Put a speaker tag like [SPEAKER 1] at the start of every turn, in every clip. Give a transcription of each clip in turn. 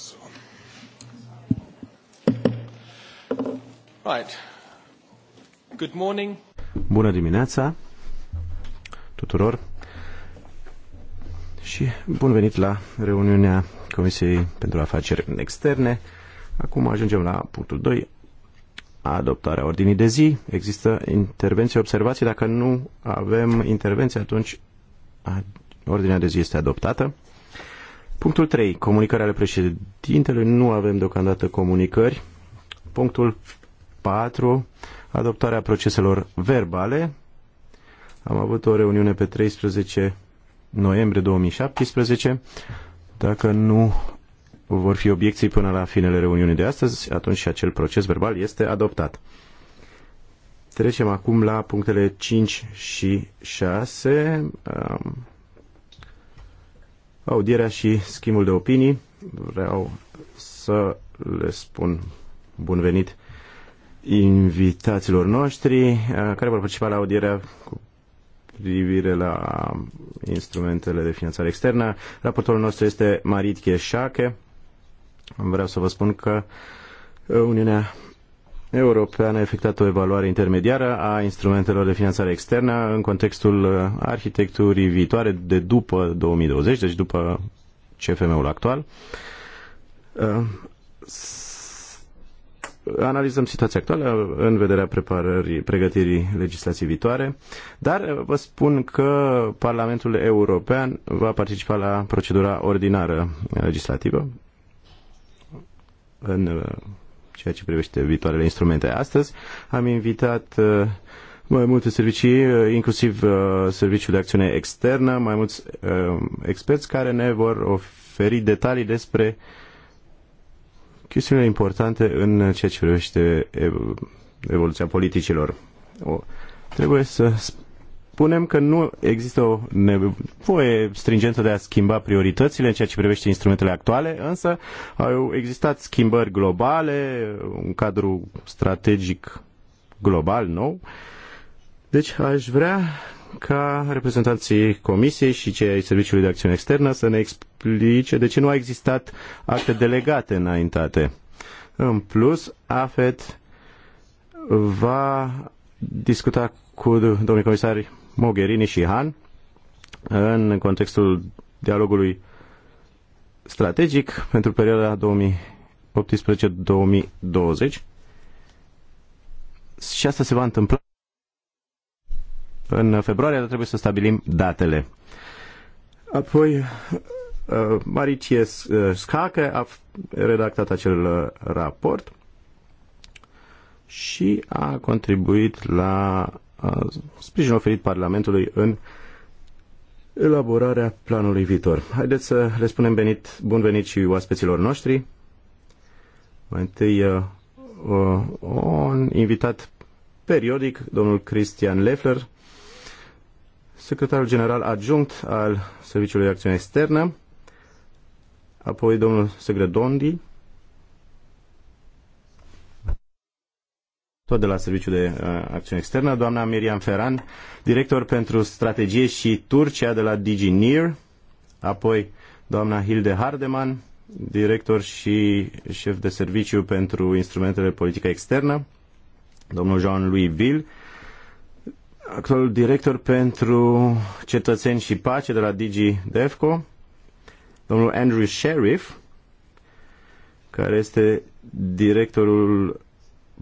[SPEAKER 1] So. Right. Good morning.
[SPEAKER 2] Bună dimineața tuturor și bun venit la reuniunea Comisiei pentru Afaceri Externe. Acum ajungem la punctul 2, adoptarea ordinii de zi. Există intervenții, observații. Dacă nu avem intervenții, atunci ordinea de zi este adoptată. Punctul 3. Comunicarea ale președintelui. Nu avem deocamdată comunicări. Punctul 4. Adoptarea proceselor verbale. Am avut o reuniune pe 13 noiembrie 2017. Dacă nu vor fi obiecții până la finele reuniunii de astăzi, atunci și acel proces verbal este adoptat. Trecem acum la punctele 5 și 6. Um, audierea și schimbul de opinii. Vreau să le spun bun venit invitaților noștri eh, care vor participa la audierea cu privire la instrumentele de finanțare externă. Raportorul nostru este Marit Cheșache. Vreau să vă spun că Uniunea europeană a efectuat o evaluare intermediară a instrumentelor de finanțare externă în contextul uh, arhitecturii viitoare de după 2020, deci după CFM-ul actual. Uh, analizăm situația actuală în vederea preparării, pregătirii legislației viitoare, dar uh, vă spun că Parlamentul European va participa la procedura ordinară legislativă în ceea ce privește viitoarele instrumente. Astăzi am invitat uh, mai multe servicii, uh, inclusiv uh, serviciul de acțiune externă, mai mulți experți care ne vor oferi detalii despre chestiunile importante în ceea ce privește evoluția politicilor. O, trebuie să spunem că nu există o nevoie stringentă de a schimba prioritățile în ceea ce privește instrumentele actuale, însă au existat schimbări globale, un cadru strategic global nou. Deci aș vrea ca reprezentanții Comisiei și cei ai Serviciului de Acțiune Externă să ne explice de ce nu au existat acte delegate înaintate. În plus, AFET va discuta cu domnul comisar Mogherini și Han în contextul dialogului strategic pentru perioada 2018-2020 și asta se va întâmpla în februarie, dar trebuie să stabilim datele. Apoi, uh, Maricie uh, Scacă a redactat acel uh, raport și a contribuit la sprijin oferit Parlamentului în elaborarea planului viitor. Haideți să le spunem venit, bun venit și oaspeților noștri. Mai întâi uh, uh, un invitat periodic, domnul Cristian Leffler, secretarul general adjunct al Serviciului de Acțiune Externă, apoi domnul Segredondi, tot de la Serviciul de uh, Acțiune Externă, doamna Miriam Ferran, director pentru strategie și Turcia de la DigiNear, apoi doamna Hilde Hardeman, director și șef de serviciu pentru instrumentele de politică externă, domnul Jean-Louis Bill, actual director pentru cetățeni și pace de la Digi DEFCO, domnul Andrew Sheriff, care este directorul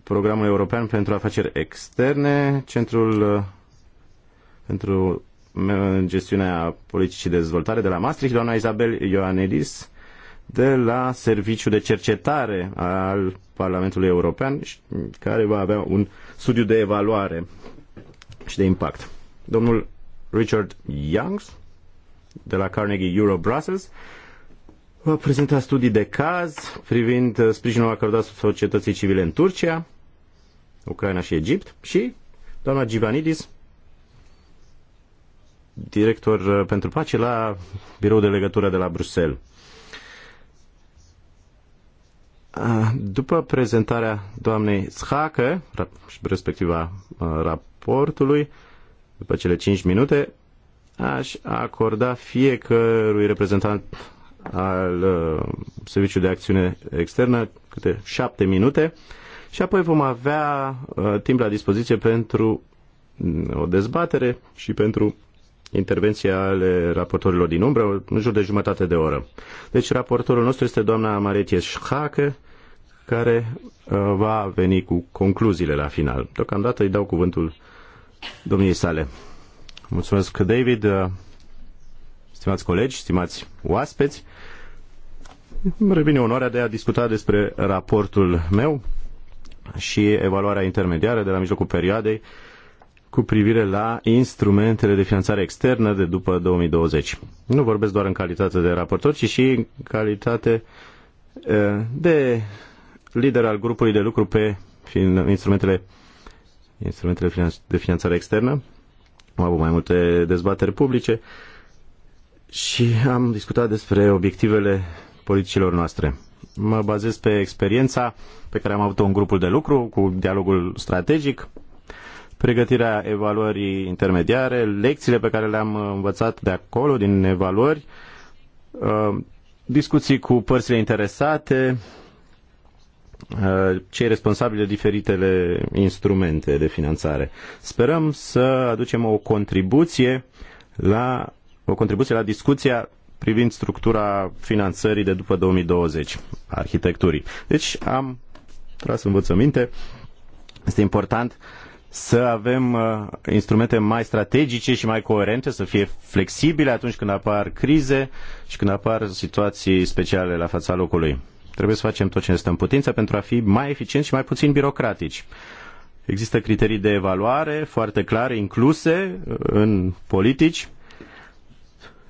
[SPEAKER 2] Programul European pentru Afaceri Externe, Centrul uh, pentru Gestiunea Politicii de Dezvoltare de la Maastricht, doamna Isabel Ioanidis, de la Serviciul de Cercetare al Parlamentului European, care va avea un studiu de evaluare și de impact. Domnul Richard Youngs, de la Carnegie Euro Brussels, va prezenta studii de caz privind uh, sprijinul acordat societății civile în Turcia, Ucraina și Egipt și doamna Givanidis, director uh, pentru pace la biroul de legătură de la Bruxelles. Uh, după prezentarea doamnei Schacă, respectiva raportului, după cele 5 minute, aș acorda fiecărui reprezentant al uh, Serviciului de Acțiune Externă, câte șapte minute, și apoi vom avea uh, timp la dispoziție pentru mm, o dezbatere și pentru intervenții ale raportorilor din umbră, în jur de jumătate de oră. Deci raportorul nostru este doamna Maretie Schake, care uh, va veni cu concluziile la final. Deocamdată îi dau cuvântul domniei sale. Mulțumesc, David stimați colegi, stimați oaspeți. Îmi revine onoarea de a discuta despre raportul meu și evaluarea intermediară de la mijlocul perioadei cu privire la instrumentele de finanțare externă de după 2020. Nu vorbesc doar în calitate de raportor, ci și în calitate eh, de lider al grupului de lucru pe instrumentele, instrumentele de finanțare externă. Am avut mai multe dezbateri publice și am discutat despre obiectivele politicilor noastre. Mă bazez pe experiența pe care am avut-o în grupul de lucru cu dialogul strategic, pregătirea evaluării intermediare, lecțiile pe care le-am învățat de acolo, din evaluări, uh, discuții cu părțile interesate, uh, cei responsabili de diferitele instrumente de finanțare. Sperăm să aducem o contribuție la o contribuție la discuția privind structura finanțării de după 2020, arhitecturii. Deci am tras învățăminte, este important să avem uh, instrumente mai strategice și mai coerente, să fie flexibile atunci când apar crize și când apar situații speciale la fața locului. Trebuie să facem tot ce ne stă în putință pentru a fi mai eficienți și mai puțin birocratici. Există criterii de evaluare foarte clare, incluse uh, în politici,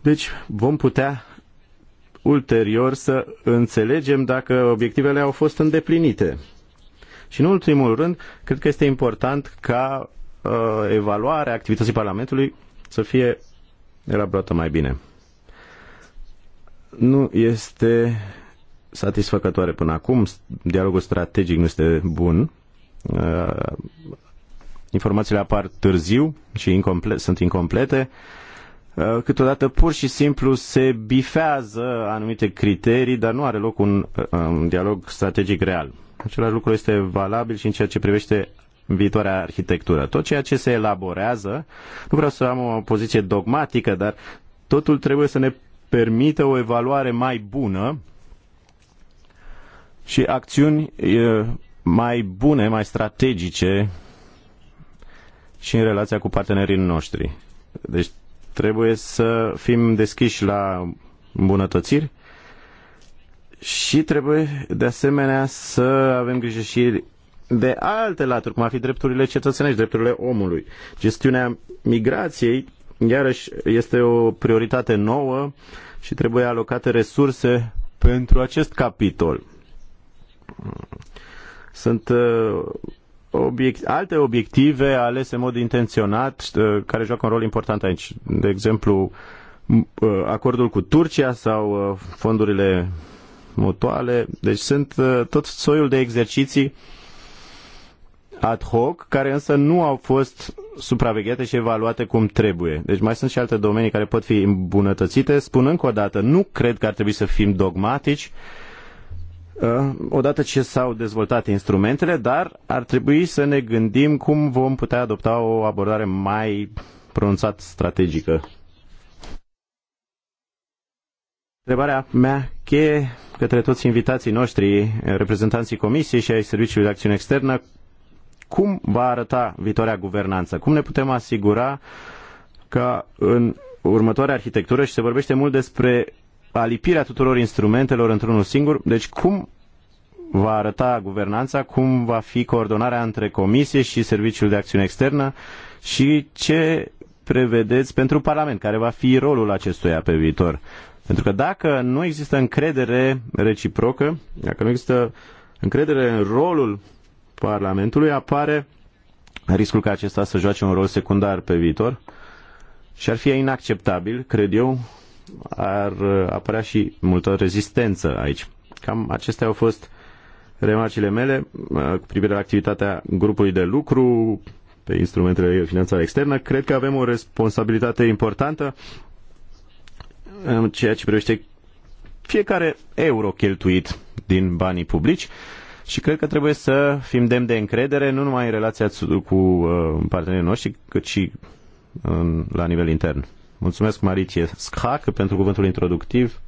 [SPEAKER 2] deci vom putea ulterior să înțelegem dacă obiectivele au fost îndeplinite. Și în ultimul rând, cred că este important ca uh, evaluarea activității Parlamentului să fie elaborată mai bine. Nu este satisfăcătoare până acum, dialogul strategic nu este bun, uh, informațiile apar târziu și incomple- sunt incomplete, uh, Uh, câteodată pur și simplu se bifează anumite criterii, dar nu are loc un, uh, un dialog strategic real. Același lucru este valabil și în ceea ce privește viitoarea arhitectură. Tot ceea ce se elaborează, nu vreau să am o poziție dogmatică, dar totul trebuie să ne permită o evaluare mai bună și acțiuni uh, mai bune, mai strategice și în relația cu partenerii noștri. Deci Trebuie să fim deschiși la îmbunătățiri și trebuie de asemenea să avem grijă și de alte laturi, cum ar fi drepturile cetățenești, drepturile omului. Gestiunea migrației, iarăși, este o prioritate nouă și trebuie alocate resurse pentru acest capitol. Sunt uh, obiect, alte obiective alese în mod intenționat uh, care joacă un rol important aici. De exemplu, uh, acordul cu Turcia sau uh, fondurile mutuale. Deci sunt tot soiul de exerciții ad hoc, care însă nu au fost supravegheate și evaluate cum trebuie. Deci mai sunt și alte domenii care pot fi îmbunătățite. Spun încă o dată, nu cred că ar trebui să fim dogmatici, uh, Ă, odată ce s-au dezvoltat instrumentele, dar ar trebui să ne gândim cum vom putea adopta o abordare mai pronunțat strategică. Întrebarea mea cheie către toți invitații noștri, reprezentanții Comisiei și ai Serviciului de Acțiune Externă, cum va arăta viitoarea guvernanță? Cum ne putem asigura că în următoarea arhitectură, și se vorbește mult despre alipirea tuturor instrumentelor într-unul singur. Deci cum va arăta guvernanța, cum va fi coordonarea între Comisie și Serviciul de Acțiune Externă și ce prevedeți pentru Parlament, care va fi rolul acestuia pe viitor. Pentru că dacă nu există încredere reciprocă, dacă nu există încredere în rolul Parlamentului, apare riscul ca acesta să joace un rol secundar pe viitor și ar fi inacceptabil, cred eu, ar uh, apărea și multă rezistență aici. Cam acestea au fost remarcile mele uh, cu privire la activitatea grupului de lucru pe instrumentele de finanțare externă. Cred că avem o responsabilitate importantă în ceea ce privește fiecare euro cheltuit din banii publici și cred că trebuie să fim demn de încredere nu numai în relația cu uh, partenerii noștri, cât și la nivel intern. Mulțumesc, Maritie Schac, pentru cuvântul introductiv.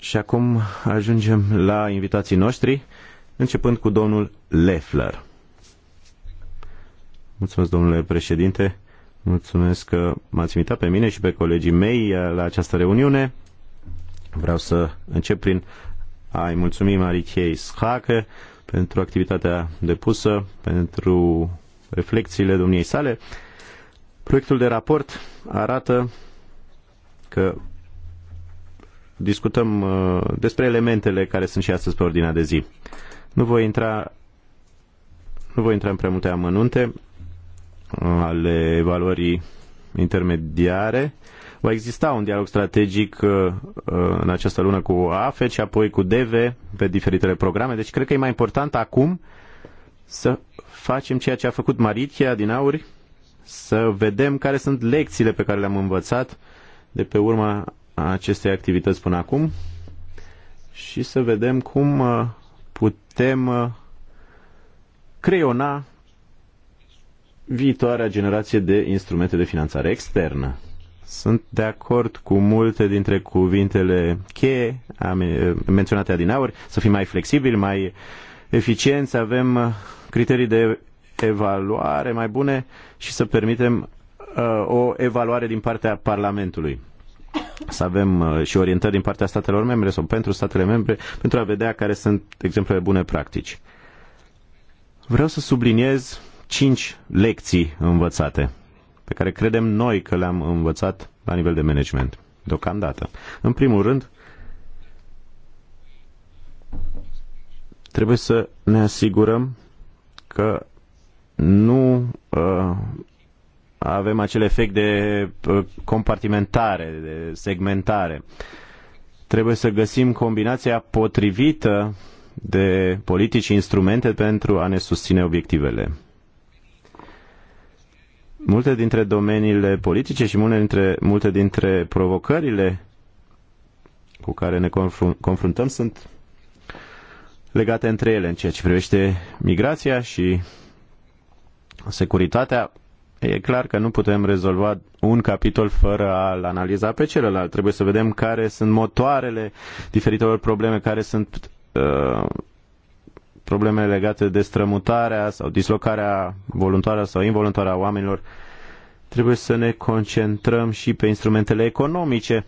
[SPEAKER 2] Și acum ajungem la invitații noștri, începând cu domnul Leffler. Mulțumesc, domnule președinte. Mulțumesc că m-ați invitat pe mine și pe colegii mei la această reuniune. Vreau să încep prin a-i mulțumi Marichei Schac pentru activitatea depusă, pentru reflexiile domniei sale. Proiectul de raport arată că discutăm uh, despre elementele care sunt și astăzi pe ordinea de zi. Nu voi intra, nu voi intra în prea multe amănunte uh, ale evaluării intermediare. Va exista un dialog strategic uh, în această lună cu AFE și apoi cu DEVE pe diferitele programe. Deci cred că e mai important acum să facem ceea ce a făcut Maritia din auri, să vedem care sunt lecțiile pe care le-am învățat de pe urma acestei activități până acum și să vedem cum uh, putem uh, creiona viitoarea generație de instrumente de finanțare externă. Sunt de acord cu multe dintre cuvintele cheie menționate adineauri, să fim mai flexibili, mai eficienți, avem uh, criterii de evaluare mai bune și să permitem uh, o evaluare din partea Parlamentului. Să avem uh, și orientări din partea statelor membre sau pentru statele membre pentru a vedea care sunt exemplele bune practici. Vreau să subliniez cinci lecții învățate pe care credem noi că le-am învățat la nivel de management deocamdată. În primul rând, trebuie să ne asigurăm că nu uh, avem acel efect de uh, compartimentare, de segmentare. Trebuie să găsim combinația potrivită de politici și instrumente pentru a ne susține obiectivele. Multe dintre domeniile politice și multe dintre, multe dintre provocările cu care ne confruntăm sunt legate între ele în ceea ce privește migrația și securitatea, e clar că nu putem rezolva un capitol fără a-l analiza pe celălalt. Trebuie să vedem care sunt motoarele diferitelor probleme, care sunt uh, probleme legate de strămutarea sau dislocarea voluntară sau involuntară a oamenilor. Trebuie să ne concentrăm și pe instrumentele economice.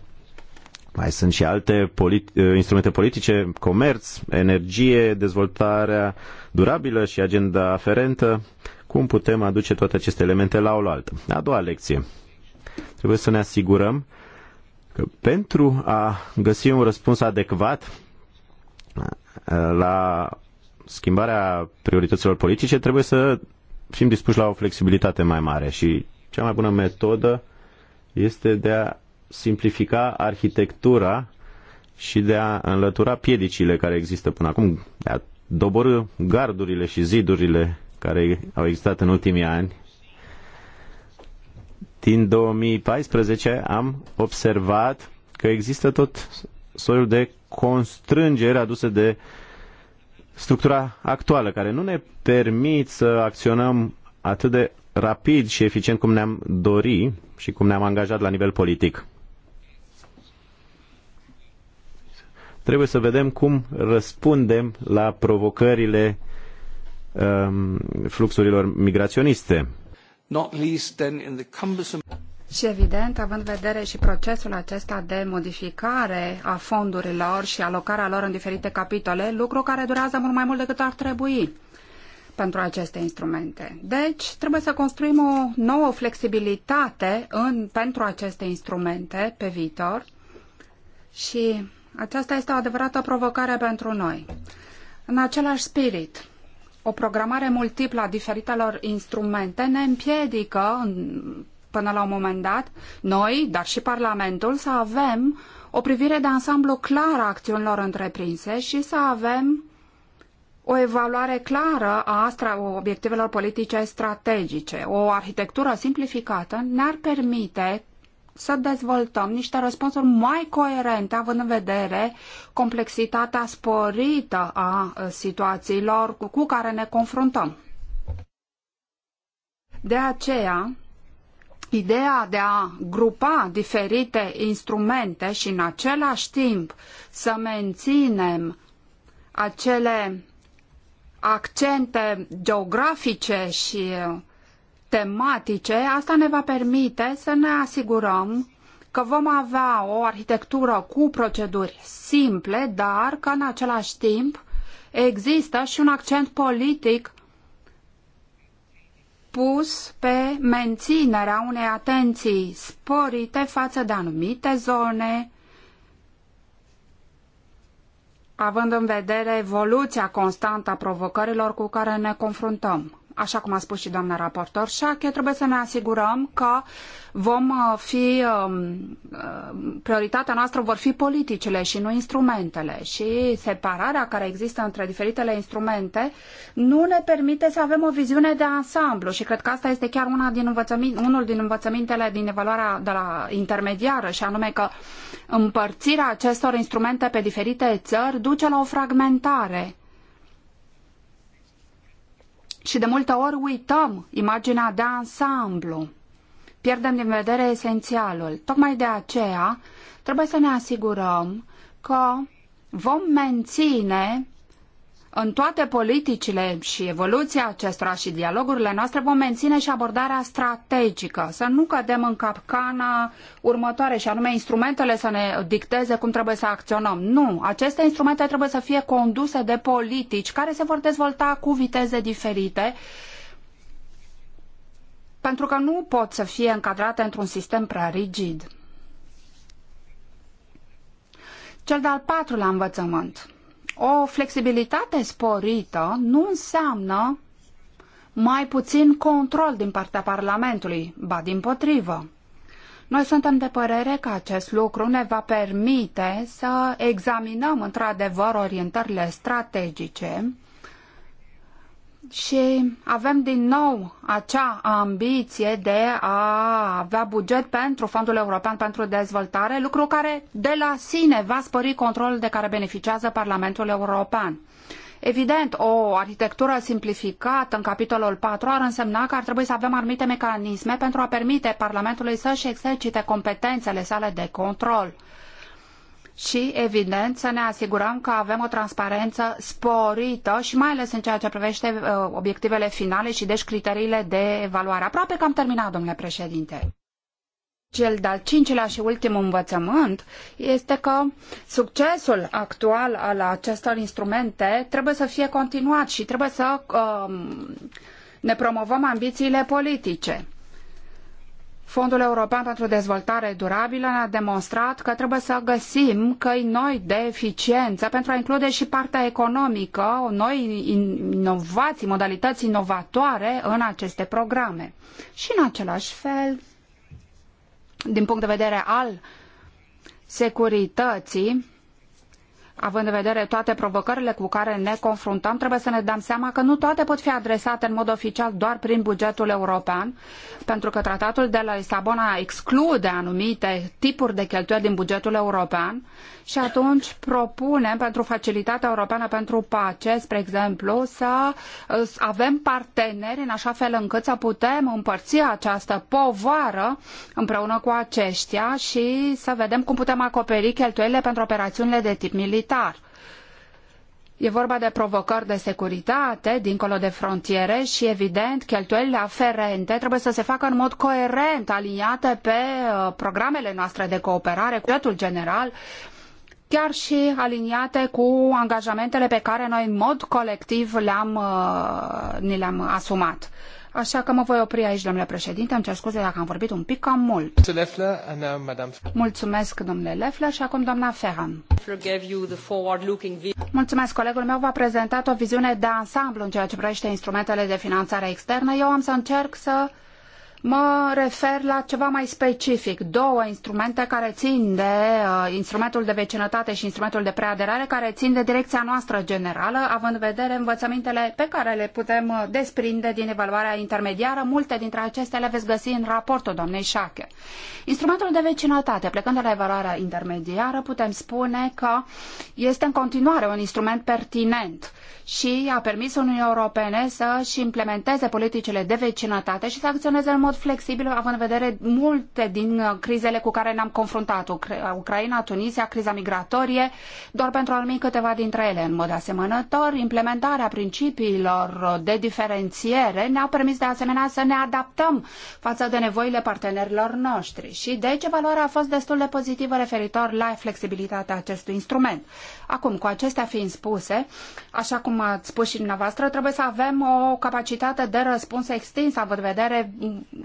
[SPEAKER 2] Mai sunt și alte politi- uh, instrumente politice, comerț, energie, dezvoltarea durabilă și agenda aferentă. Uh, cum putem aduce toate aceste elemente la oaltă. A doua lecție. Trebuie să ne asigurăm că pentru a găsi un răspuns adecvat la schimbarea priorităților politice, trebuie să fim dispuși la o flexibilitate mai mare și cea mai bună metodă este de a simplifica arhitectura și de a înlătura piedicile care există până acum, de a dobori gardurile și zidurile care au existat în ultimii ani, din 2014 am observat că există tot soiul de constrângeri aduse de structura actuală, care nu ne permit să acționăm atât de rapid și eficient cum ne-am dori și cum ne-am angajat la nivel politic. Trebuie să vedem cum răspundem la provocările Um, fluxurilor migraționiste.
[SPEAKER 3] Și evident, având în vedere și procesul acesta de modificare a fondurilor și alocarea lor în diferite capitole, lucru care durează mult mai mult decât ar trebui pentru aceste instrumente. Deci, trebuie să construim o nouă flexibilitate în, pentru aceste instrumente pe viitor și aceasta este o adevărată provocare pentru noi. În același spirit, o programare multiplă a diferitelor instrumente ne împiedică până la un moment dat, noi, dar și Parlamentul, să avem o privire de ansamblu clară a acțiunilor întreprinse și să avem o evaluare clară a obiectivelor politice strategice. O arhitectură simplificată ne-ar permite să dezvoltăm niște răspunsuri mai coerente, având în vedere complexitatea sporită a situațiilor cu care ne confruntăm. De aceea, ideea de a grupa diferite instrumente și în același timp să menținem acele accente geografice și uh, tematice, asta ne va permite să ne asigurăm că vom avea o arhitectură cu proceduri simple, dar că în același timp există și un accent politic pus pe menținerea unei atenții sporite față de anumite zone, având în vedere evoluția constantă a provocărilor cu care ne confruntăm așa cum a spus și doamna raportor și că trebuie să ne asigurăm că vom uh, fi, um, uh, prioritatea noastră vor fi politicile și nu instrumentele și separarea care există între diferitele instrumente nu ne permite să avem o viziune de ansamblu și cred că asta este chiar una din unul din învățămintele din evaluarea de la intermediară și anume că împărțirea acestor instrumente pe diferite țări duce la o fragmentare și de multe ori uităm imaginea de ansamblu. Pierdem din vedere esențialul. Tocmai de aceea trebuie să ne asigurăm că vom menține în toate politicile și evoluția acestora și dialogurile noastre vom menține și abordarea strategică, să nu cădem în capcana următoare și anume instrumentele să ne dicteze cum trebuie să acționăm. Nu, aceste instrumente trebuie să fie conduse de politici care se vor dezvolta cu viteze diferite pentru că nu pot să fie încadrate într-un sistem prea rigid. Cel de-al patrulea învățământ – o flexibilitate sporită nu înseamnă mai puțin control din partea Parlamentului, ba din potrivă. Noi suntem de părere că acest lucru ne va permite să examinăm într-adevăr orientările strategice și avem din nou acea ambiție de a avea buget pentru Fondul European pentru Dezvoltare, lucru care de la sine va spări controlul de care beneficiază Parlamentul European. Evident, o arhitectură simplificată în capitolul 4 ar însemna că ar trebui să avem anumite mecanisme pentru a permite Parlamentului să-și exercite competențele sale de control și, evident, să ne asigurăm că avem o transparență sporită și mai ales în ceea ce privește uh, obiectivele finale și deci criteriile de evaluare. Aproape că am terminat, domnule președinte. Cel de-al cincilea și ultimul învățământ este că succesul actual al acestor instrumente trebuie să fie continuat și trebuie să uh, ne promovăm ambițiile politice. Fondul European pentru Dezvoltare Durabilă ne-a demonstrat că trebuie să găsim căi noi de eficiență pentru a include și partea economică, noi inovații, modalități inovatoare în aceste programe. Și în același fel, din punct de vedere al securității, având în vedere toate provocările cu care ne confruntăm, trebuie să ne dăm seama că nu toate pot fi adresate în mod oficial doar prin bugetul european, pentru că tratatul de la Lisabona exclude anumite tipuri de cheltuieli din bugetul european și atunci propunem pentru Facilitatea Europeană pentru Pace, spre exemplu, să avem parteneri în așa fel încât să putem împărți această povară împreună cu aceștia și să vedem cum putem acoperi cheltuielile pentru operațiunile de tip militar militar. E vorba de provocări de securitate dincolo de frontiere și, evident, cheltuielile aferente trebuie să se facă în mod coerent, aliniate pe uh, programele noastre de cooperare cu bugetul general chiar și aliniate cu angajamentele pe care noi în mod colectiv le-am, uh, ni le-am asumat. Așa că mă voi opri aici, domnule președinte. Îmi cer scuze dacă am vorbit un pic cam mult. Mulțumesc, domnule Leffler, și acum doamna Ferran. Mulțumesc, colegul meu v-a prezentat o viziune de ansamblu în ceea ce privește instrumentele de finanțare externă. Eu am să încerc să Mă refer la ceva mai specific, două instrumente care țin de uh, instrumentul de vecinătate și instrumentul de preaderare, care țin de direcția noastră generală, având în vedere învățămintele pe care le putem uh, desprinde din evaluarea intermediară. Multe dintre acestea le veți găsi în raportul doamnei Șache. Instrumentul de vecinătate, plecând de la evaluarea intermediară, putem spune că este în continuare un instrument pertinent și a permis Uniunii Europene să-și implementeze politicile de vecinătate și să acționeze în mod mod flexibil, având în vedere multe din uh, crizele cu care ne-am confruntat, uh, Ucraina, Tunisia, criza migratorie, doar pentru a numi câteva dintre ele. În mod asemănător, implementarea principiilor uh, de diferențiere ne-a permis de asemenea să ne adaptăm față de nevoile partenerilor noștri și deci evaluarea a fost destul de pozitivă referitor la flexibilitatea acestui instrument. Acum, cu acestea fiind spuse, așa cum ați spus și dumneavoastră, trebuie să avem o capacitate de răspuns extinsă, având vedere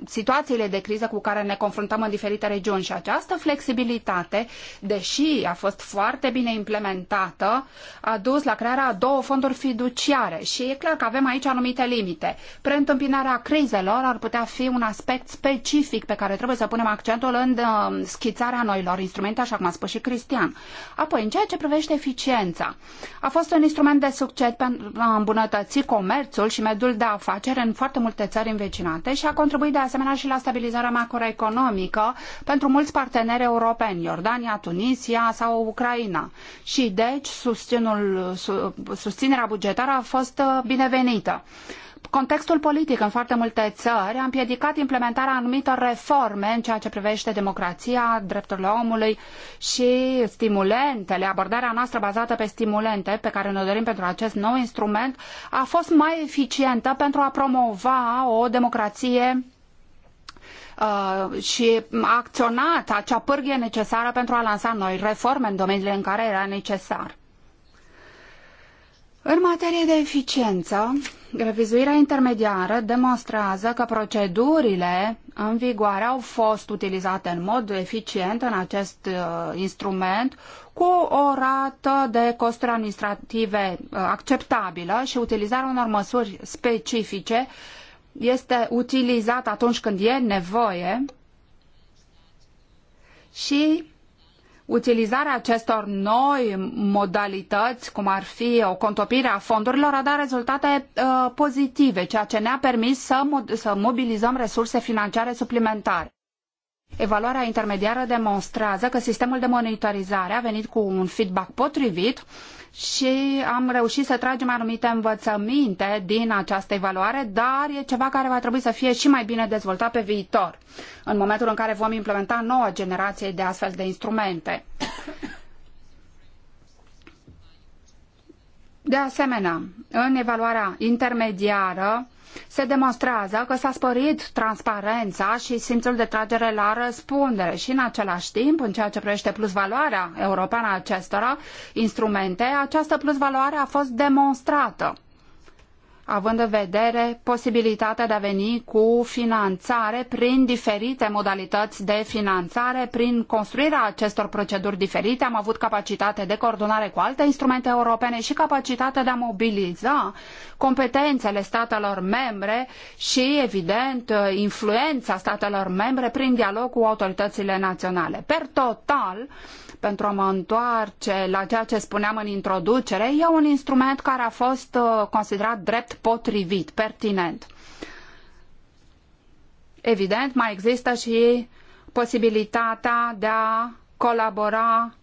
[SPEAKER 3] situațiile de criză cu care ne confruntăm în diferite regiuni și această flexibilitate, deși a fost foarte bine implementată, a dus la crearea a două fonduri fiduciare și e clar că avem aici anumite limite. Preîntâmpinarea crizelor ar putea fi un aspect specific pe care trebuie să punem accentul în uh, schițarea noilor instrumente, așa cum a spus și Cristian. Apoi, în ceea ce privește eficiența, a fost un instrument de succes pentru a îmbunătăți comerțul și mediul de afaceri în foarte multe țări învecinate și a contribuit de asemenea și la stabilizarea macroeconomică pentru mulți parteneri europeni, Iordania, Tunisia sau Ucraina. Și deci susținul, susținerea bugetară a fost uh, binevenită. Contextul politic în foarte multe țări a împiedicat implementarea anumitor reforme în ceea ce privește democrația, drepturile omului și stimulentele. Abordarea noastră bazată pe stimulente, pe care ne dorim pentru acest nou instrument, a fost mai eficientă pentru a promova o democrație uh, și a acționat acea pârghie necesară pentru a lansa noi reforme în domeniile în care era necesar. În materie de eficiență, revizuirea intermediară demonstrează că procedurile în vigoare au fost utilizate în mod eficient în acest uh, instrument cu o rată de costuri administrative uh, acceptabilă și utilizarea unor măsuri specifice uh, este utilizat atunci când e nevoie și utilizarea acestor noi modalități, cum ar fi o contopire a fondurilor, a dat rezultate uh, pozitive, ceea ce ne-a permis să, mo să mobilizăm resurse financiare suplimentare. Evaluarea intermediară demonstrează că sistemul de monitorizare a venit cu un feedback potrivit și am reușit să tragem anumite învățăminte din această evaluare, dar e ceva care va trebui să fie și mai bine dezvoltat pe viitor, în momentul în care vom implementa noua generație de astfel de instrumente. De asemenea, în evaluarea intermediară se demonstrează că s-a sporit transparența și simțul de tragere la răspundere și în același timp, în ceea ce privește plusvaloarea europeană a acestora instrumente, această plusvaloare a fost demonstrată având în vedere posibilitatea de a veni cu finanțare prin diferite modalități de finanțare, prin construirea acestor proceduri diferite. Am avut capacitate de coordonare cu alte instrumente europene și capacitatea de a mobiliza competențele statelor membre și, evident, influența statelor membre prin dialog cu autoritățile naționale. Per total, pentru a mă întoarce la ceea ce spuneam în introducere, e un instrument care a fost uh, considerat drept potrivit, pertinent. Evident, mai există și posibilitatea de a colabora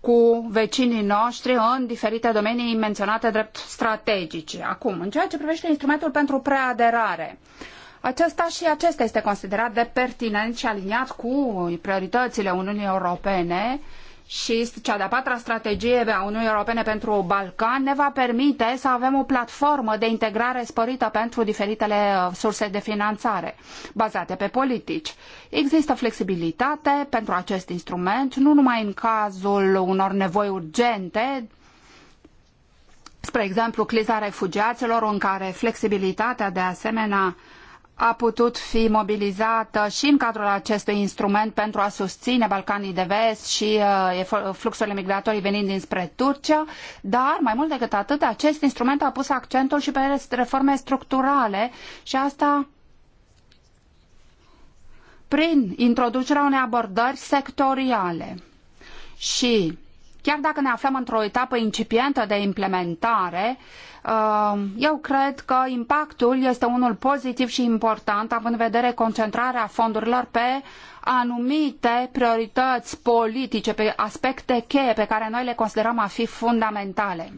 [SPEAKER 3] cu vecinii noștri în diferite domenii menționate drept strategice. Acum, în ceea ce privește instrumentul pentru preaderare, acesta și acesta este considerat de pertinent și aliniat cu prioritățile Uniunii Europene și cea de-a patra strategie a Uniunii Europene pentru Balcan ne va permite să avem o platformă de integrare sporită pentru diferitele uh, surse de finanțare bazate pe politici. Există flexibilitate pentru acest instrument, nu numai în cazul unor nevoi urgente, spre exemplu criza refugiaților, în care flexibilitatea de asemenea a putut fi mobilizată și în cadrul acestui instrument pentru a susține Balcanii de Vest și uh, fluxurile migratorii venind dinspre Turcia, dar mai mult decât atât, acest instrument a pus accentul și pe reforme structurale și asta prin introducerea unei abordări sectoriale. Și chiar dacă ne aflăm într-o etapă incipientă de implementare, uh, eu cred că impactul este unul pozitiv și important, având în vedere concentrarea fondurilor pe anumite priorități politice, pe aspecte cheie pe care noi le considerăm a fi fundamentale.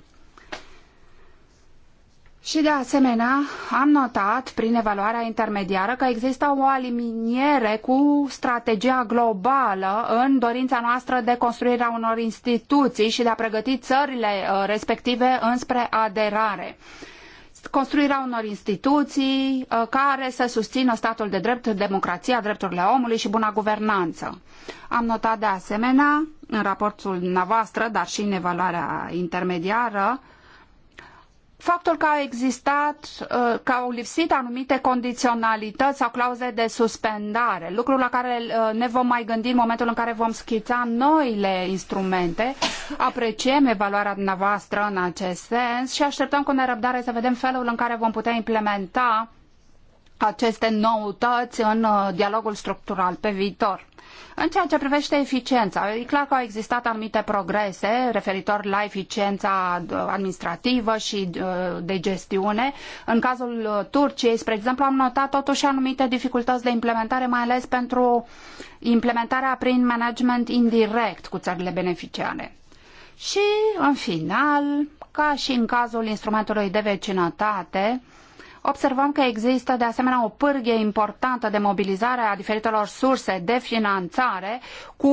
[SPEAKER 3] Și de asemenea, am notat prin evaluarea intermediară că există o aliniere cu strategia globală în dorința noastră de construirea unor instituții și de a pregăti țările uh, respective înspre aderare construirea unor instituții uh, care să susțină statul de drept, democrația, drepturile omului și buna guvernanță. Am notat de asemenea în raportul dumneavoastră, dar și în evaluarea intermediară, faptul că au existat, uh, că au lipsit anumite condiționalități sau clauze de suspendare, lucru la care uh, ne vom mai gândi în momentul în care vom schița noile instrumente. Apreciem evaluarea dumneavoastră în acest sens și așteptăm cu nerăbdare să vedem felul în care vom putea implementa aceste noutăți în uh, dialogul structural pe viitor. În ceea ce privește eficiența, e clar că au existat anumite progrese referitor la eficiența uh, administrativă și uh, de gestiune. În cazul Turciei, spre exemplu, am notat totuși anumite dificultăți de implementare, mai ales pentru implementarea prin management indirect cu țările beneficiare. Și, în final, ca și în cazul instrumentului de vecinătate, observăm că există de asemenea o pârghie importantă de mobilizare a diferitelor surse de finanțare, cu,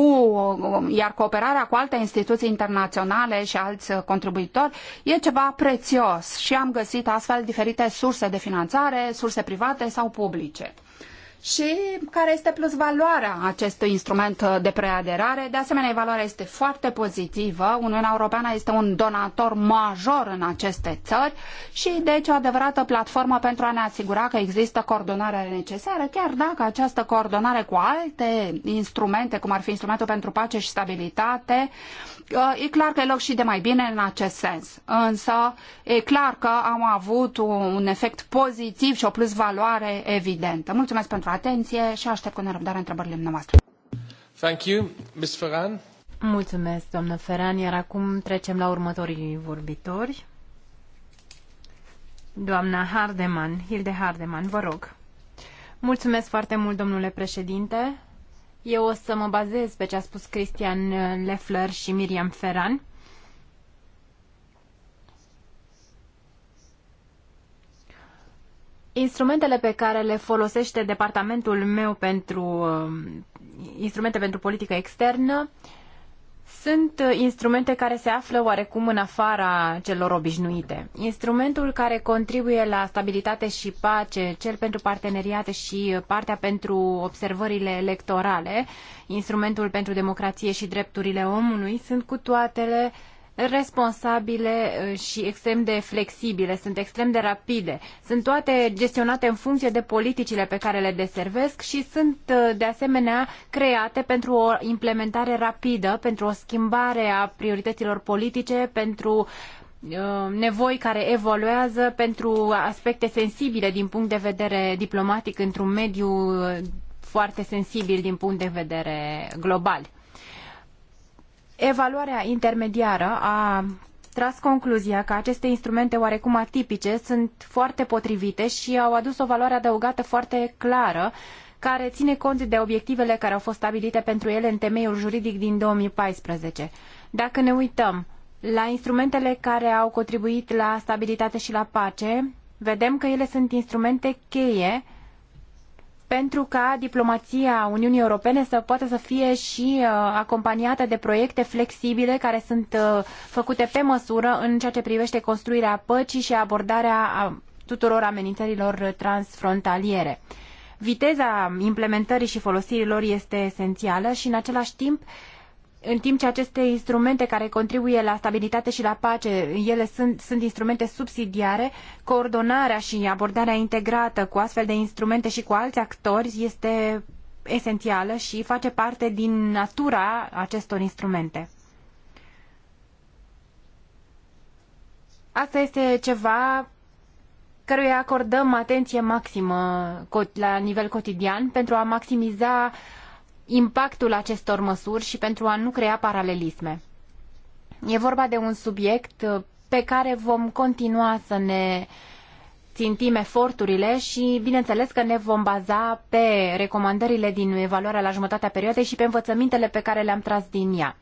[SPEAKER 3] iar cooperarea cu alte instituții internaționale și alți contribuitori e ceva prețios și am găsit astfel diferite surse de finanțare, surse private sau publice și care este plus valoarea acestui instrument de preaderare. De asemenea, evaluarea este foarte pozitivă. Uniunea Europeană este un donator major în aceste țări și deci o adevărată platformă pentru a ne asigura că există coordonarea necesară, chiar dacă această coordonare cu alte instrumente, cum ar fi instrumentul pentru pace și stabilitate, Uh, e clar că e loc și de mai bine în acest sens, însă e clar că am avut un efect pozitiv și o plus valoare evidentă. Mulțumesc pentru atenție și aștept cu nerăbdare întrebările noastre.
[SPEAKER 1] Thank you, Ms. Ferran.
[SPEAKER 3] Mulțumesc, doamnă Ferran, iar acum trecem la
[SPEAKER 1] următorii vorbitori. Doamna Hardeman, Hilde Hardeman, vă rog. Mulțumesc foarte mult, domnule președinte. Eu o să mă bazez pe ce a spus Cristian Leffler și Miriam Ferran. Instrumentele pe care le folosește departamentul meu pentru uh, instrumente pentru politică externă uh, sunt uh, instrumente care se află oarecum în afara celor obișnuite. Instrumentul care contribuie la stabilitate și pace, cel pentru parteneriate și uh, partea pentru observările electorale, instrumentul pentru democrație și drepturile omului, sunt cu toatele uh, responsabile uh, și extrem de flexibile, sunt extrem de rapide. Sunt toate gestionate în funcție de politicile pe care le deservesc și sunt uh, de asemenea create pentru o implementare rapidă, pentru o schimbare a priorităților politice, pentru uh, nevoi care evoluează pentru aspecte sensibile din punct de vedere diplomatic într-un mediu foarte sensibil din punct de vedere global. Evaluarea intermediară a tras concluzia că aceste instrumente oarecum atipice sunt foarte potrivite și au adus o valoare adăugată foarte clară care ține cont de obiectivele care au fost stabilite pentru ele în temeiul juridic din 2014. Dacă ne uităm la instrumentele care au contribuit la stabilitate și la pace, vedem că ele sunt instrumente cheie pentru ca diplomația Uniunii Europene să poată să fie și uh, acompaniată de proiecte flexibile care sunt uh, făcute pe măsură în ceea ce privește construirea păcii și abordarea tuturor amenințărilor transfrontaliere. Viteza implementării și folosirii lor este esențială și în același timp uh, în timp ce aceste instrumente care contribuie la stabilitate și la pace, ele sunt, sunt instrumente subsidiare, coordonarea și abordarea integrată cu astfel de instrumente și cu alți actori este esențială și face parte din natura acestor instrumente. Asta este ceva căruia acordăm atenție maximă la nivel cotidian pentru a maximiza uh, impactul acestor măsuri și pentru a nu crea paralelisme. E vorba de un subiect uh, pe care vom continua să ne țintim eforturile și, bineînțeles, că ne vom baza pe recomandările din evaluarea la jumătatea perioadei și pe învățămintele pe care le-am tras din ea.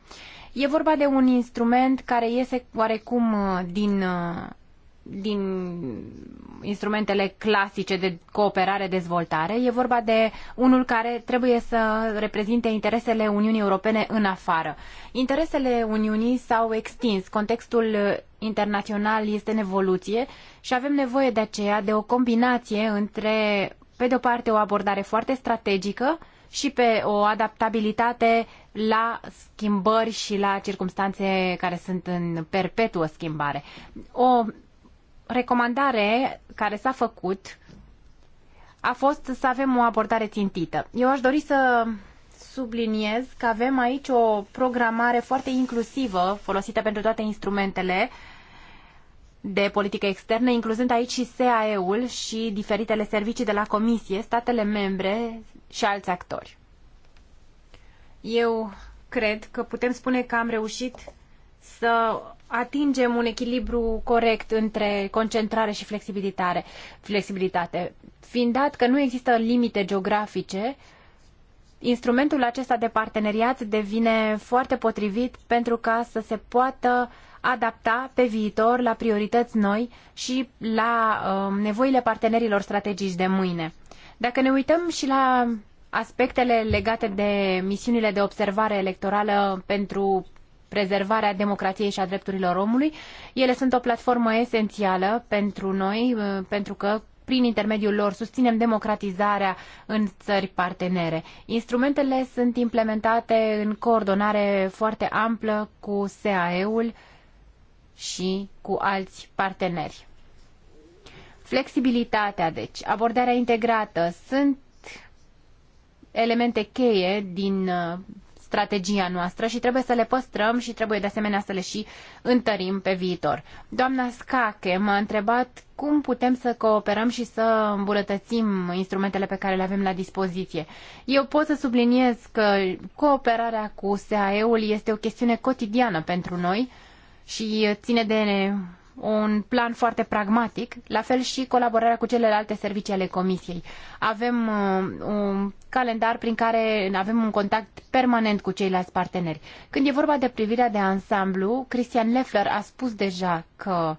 [SPEAKER 1] E vorba de un instrument care iese oarecum uh, din uh, din instrumentele clasice de cooperare-dezvoltare. E vorba de unul care trebuie să reprezinte interesele Uniunii Europene în afară. Interesele Uniunii s-au extins, contextul internațional este în evoluție și avem nevoie de aceea de o combinație între, pe de o parte, o abordare foarte strategică și pe o adaptabilitate la schimbări și la circumstanțe care sunt în perpetuă schimbare. O recomandare care s-a făcut a fost să avem o abordare țintită. Eu aș dori să subliniez că avem aici o programare foarte inclusivă folosită pentru toate instrumentele de politică externă, incluzând aici și SAE-ul și diferitele servicii de la Comisie, statele membre și alți actori. Eu cred că putem spune că am reușit să atingem un echilibru corect între concentrare și flexibilitate. flexibilitate. Fiind dat că nu există limite geografice, instrumentul acesta de parteneriat devine foarte potrivit pentru ca să se poată adapta pe viitor la priorități noi și la uh, nevoile partenerilor strategici de mâine. Dacă ne uităm și la aspectele legate de misiunile de observare electorală pentru prezervarea democrației și a drepturilor omului. Ele sunt o platformă esențială pentru noi, uh, pentru că prin intermediul lor susținem democratizarea în țări partenere. Instrumentele sunt implementate în coordonare foarte amplă cu SAE-ul și cu alți parteneri. Flexibilitatea, deci, abordarea integrată sunt elemente cheie din uh, strategia noastră și trebuie să le păstrăm și trebuie de asemenea să le și întărim pe viitor. Doamna Scache m-a întrebat cum putem să cooperăm și să îmbunătățim instrumentele pe care le avem la dispoziție. Eu pot să subliniez că cooperarea cu SAE-ul este o chestiune cotidiană pentru noi și ține de un plan foarte pragmatic, la fel și colaborarea cu celelalte servicii ale Comisiei. Avem uh, un calendar prin care avem un contact permanent cu ceilalți parteneri. Când e vorba de privirea de ansamblu, Christian Leffler a spus deja că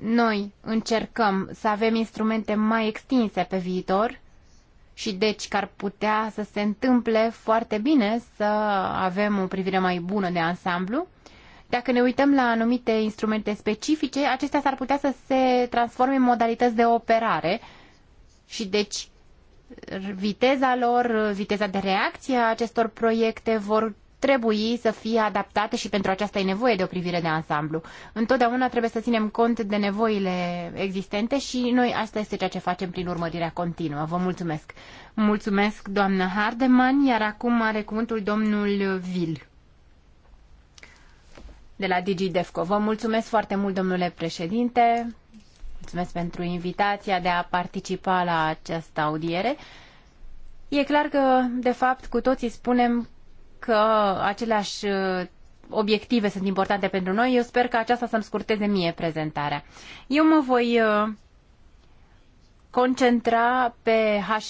[SPEAKER 1] noi încercăm să avem instrumente mai extinse pe viitor și deci că ar putea să se întâmple foarte bine să avem o privire mai bună de ansamblu. Dacă ne uităm la anumite instrumente specifice, acestea s-ar putea să se transforme în modalități de operare și deci viteza lor, viteza de reacție a acestor proiecte vor trebui să fie adaptate și pentru aceasta e nevoie de o privire de ansamblu. Întotdeauna trebuie să ținem cont de nevoile existente și noi asta este ceea ce facem prin urmărirea continuă. Vă mulțumesc! Mulțumesc, doamna Hardeman, iar acum are cuvântul domnul Vil de la DigiDefco. Vă mulțumesc foarte mult, domnule președinte. Mulțumesc pentru invitația de a participa la această audiere. E clar că, de fapt, cu toții spunem că aceleași uh, obiective sunt importante pentru noi. Eu sper că aceasta să-mi scurteze mie prezentarea. Eu mă voi uh, concentra pe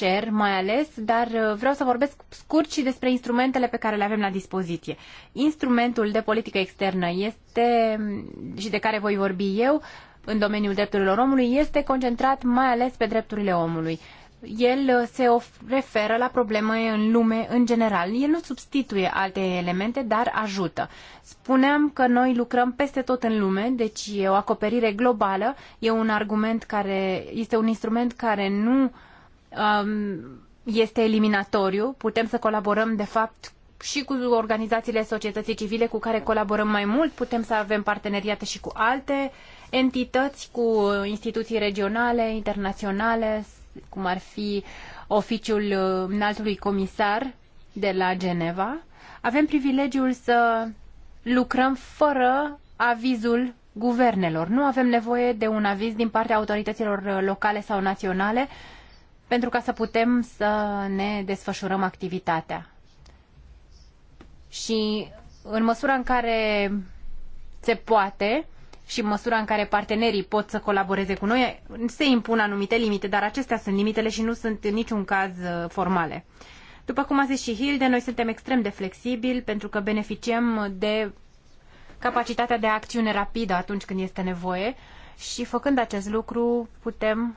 [SPEAKER 1] HR mai ales, dar uh, vreau să vorbesc scurt și despre instrumentele pe care le avem la dispoziție. Instrumentul de politică externă este, mm, și de care voi vorbi eu, în domeniul drepturilor omului, este concentrat mai ales pe drepturile omului el uh, se referă la probleme în lume în general. El nu substituie alte elemente, dar ajută. Spuneam că noi lucrăm peste tot în lume, deci e o acoperire globală, e un argument care este un instrument care nu um, este eliminatoriu. Putem să colaborăm, de fapt, și cu organizațiile societății civile cu care colaborăm mai mult, putem să avem parteneriate și cu alte entități, cu instituții regionale, internaționale cum ar fi oficiul uh, înaltului comisar de la Geneva, avem privilegiul să lucrăm fără avizul guvernelor. Nu avem nevoie de un aviz din partea autorităților uh, locale sau naționale pentru ca să putem să ne desfășurăm activitatea. Și în măsura în care se poate, și în măsura în care partenerii pot să colaboreze cu noi, se impun anumite limite, dar acestea sunt limitele și nu sunt în niciun caz uh, formale. După cum a zis și Hilde, noi suntem extrem de flexibili pentru că beneficiem de capacitatea de acțiune rapidă atunci când este nevoie și făcând acest lucru putem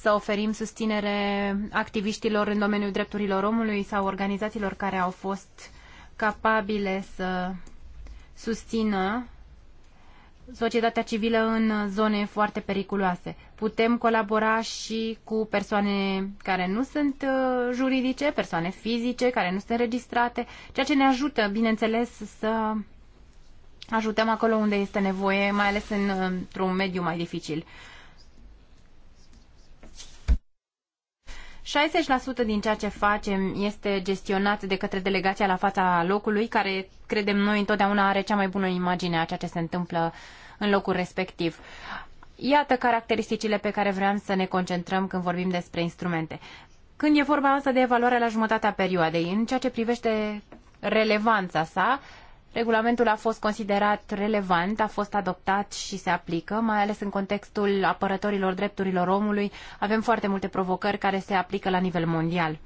[SPEAKER 1] să oferim susținere activiștilor în domeniul drepturilor omului sau organizațiilor care au fost capabile să susțină societatea civilă în zone foarte periculoase. Putem colabora și cu persoane care nu sunt uh, juridice, persoane fizice, care nu sunt registrate, ceea ce ne ajută, bineînțeles, să ajutăm acolo unde este nevoie, mai ales în, uh, într-un mediu mai dificil. 60% din ceea ce facem este gestionat de către delegația la fața locului, care, credem noi, întotdeauna are cea mai bună imagine a ceea ce se întâmplă în locul respectiv. Iată caracteristicile pe care vreau să ne concentrăm când vorbim despre instrumente. Când e vorba însă de evaluarea la jumătatea perioadei, în ceea ce privește relevanța sa, Regulamentul a fost considerat relevant, a fost adoptat și se aplică, mai ales în contextul apărătorilor drepturilor omului. Avem foarte multe provocări care se aplică la nivel mondial.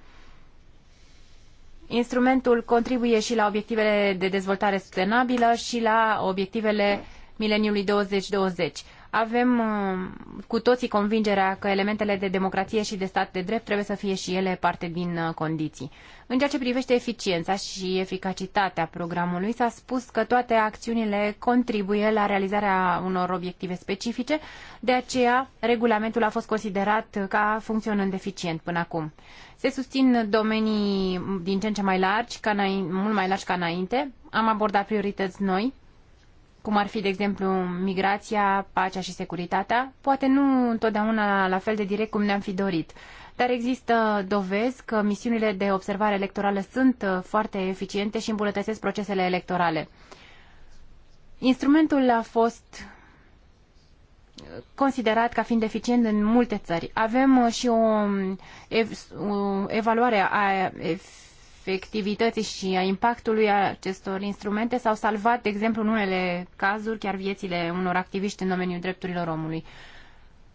[SPEAKER 1] Instrumentul contribuie și la obiectivele de dezvoltare sustenabilă și la obiectivele mileniului 2020 avem uh, cu toții convingerea că elementele de democrație și de stat de drept trebuie să fie și ele parte din uh, condiții. În ceea ce privește eficiența și eficacitatea programului, s-a spus că toate acțiunile contribuie la realizarea unor obiective specifice, de aceea regulamentul a fost considerat ca funcționând eficient până acum. Se susțin domenii din ce în ce mai largi, ca mult mai largi ca înainte, am abordat priorități noi, cum ar fi, de exemplu, migrația, pacea și securitatea, poate nu întotdeauna la fel de direct cum ne-am fi dorit. Dar există dovezi că misiunile de observare electorală sunt uh, foarte eficiente și îmbunătățesc procesele electorale. Instrumentul a fost uh, considerat ca fiind eficient în multe țări. Avem uh, și o, um, o evaluare a efectivității și a impactului acestor instrumente s-au salvat, de exemplu, în unele cazuri, chiar viețile unor activiști în domeniul drepturilor omului.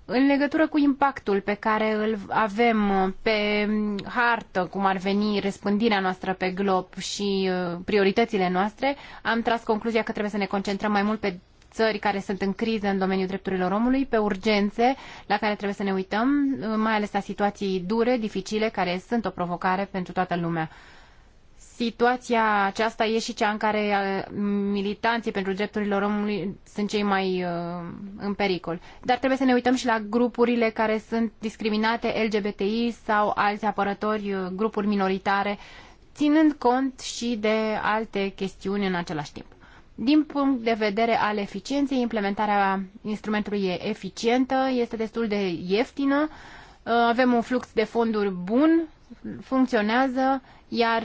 [SPEAKER 1] În legătură cu impactul pe care îl avem pe hartă, cum ar veni răspândirea noastră pe glob și uh, prioritățile noastre, am tras concluzia că trebuie să ne concentrăm mai mult pe țări care sunt în criză în domeniul drepturilor omului, pe urgențe la care trebuie să ne uităm, uh, mai ales la situații dure, dificile, care sunt o provocare pentru toată lumea. Situația aceasta e și cea în care uh, militanții pentru drepturile omului sunt cei mai uh, în pericol. Dar trebuie să ne uităm și la grupurile care sunt discriminate, LGBTI sau alți apărători, uh, grupuri minoritare, ținând cont și de alte chestiuni în același timp. Din punct de vedere al eficienței, implementarea instrumentului e eficientă, este destul de ieftină, uh, avem un flux de fonduri bun, funcționează, iar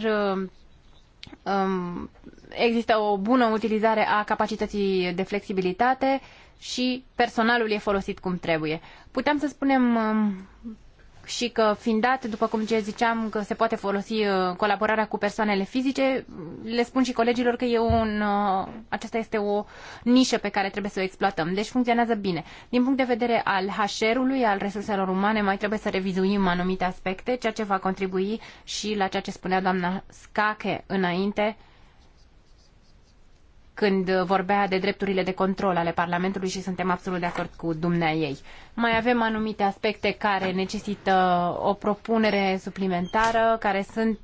[SPEAKER 1] um, există o bună utilizare a capacității de flexibilitate și personalul e folosit cum trebuie. Putem să spunem um, și că fiind dat, după cum ce ziceam, că se poate folosi uh, colaborarea cu persoanele fizice, le spun și colegilor că e un, uh, aceasta este o nișă pe care trebuie să o exploatăm. Deci funcționează bine. Din punct de vedere al HR-ului, al resurselor umane, mai trebuie să revizuim anumite aspecte, ceea ce va contribui și la ceea ce spunea doamna Scache înainte, când vorbea de drepturile de control ale Parlamentului și suntem absolut de acord cu dumnea ei. Mai avem anumite aspecte care necesită o propunere suplimentară, care sunt,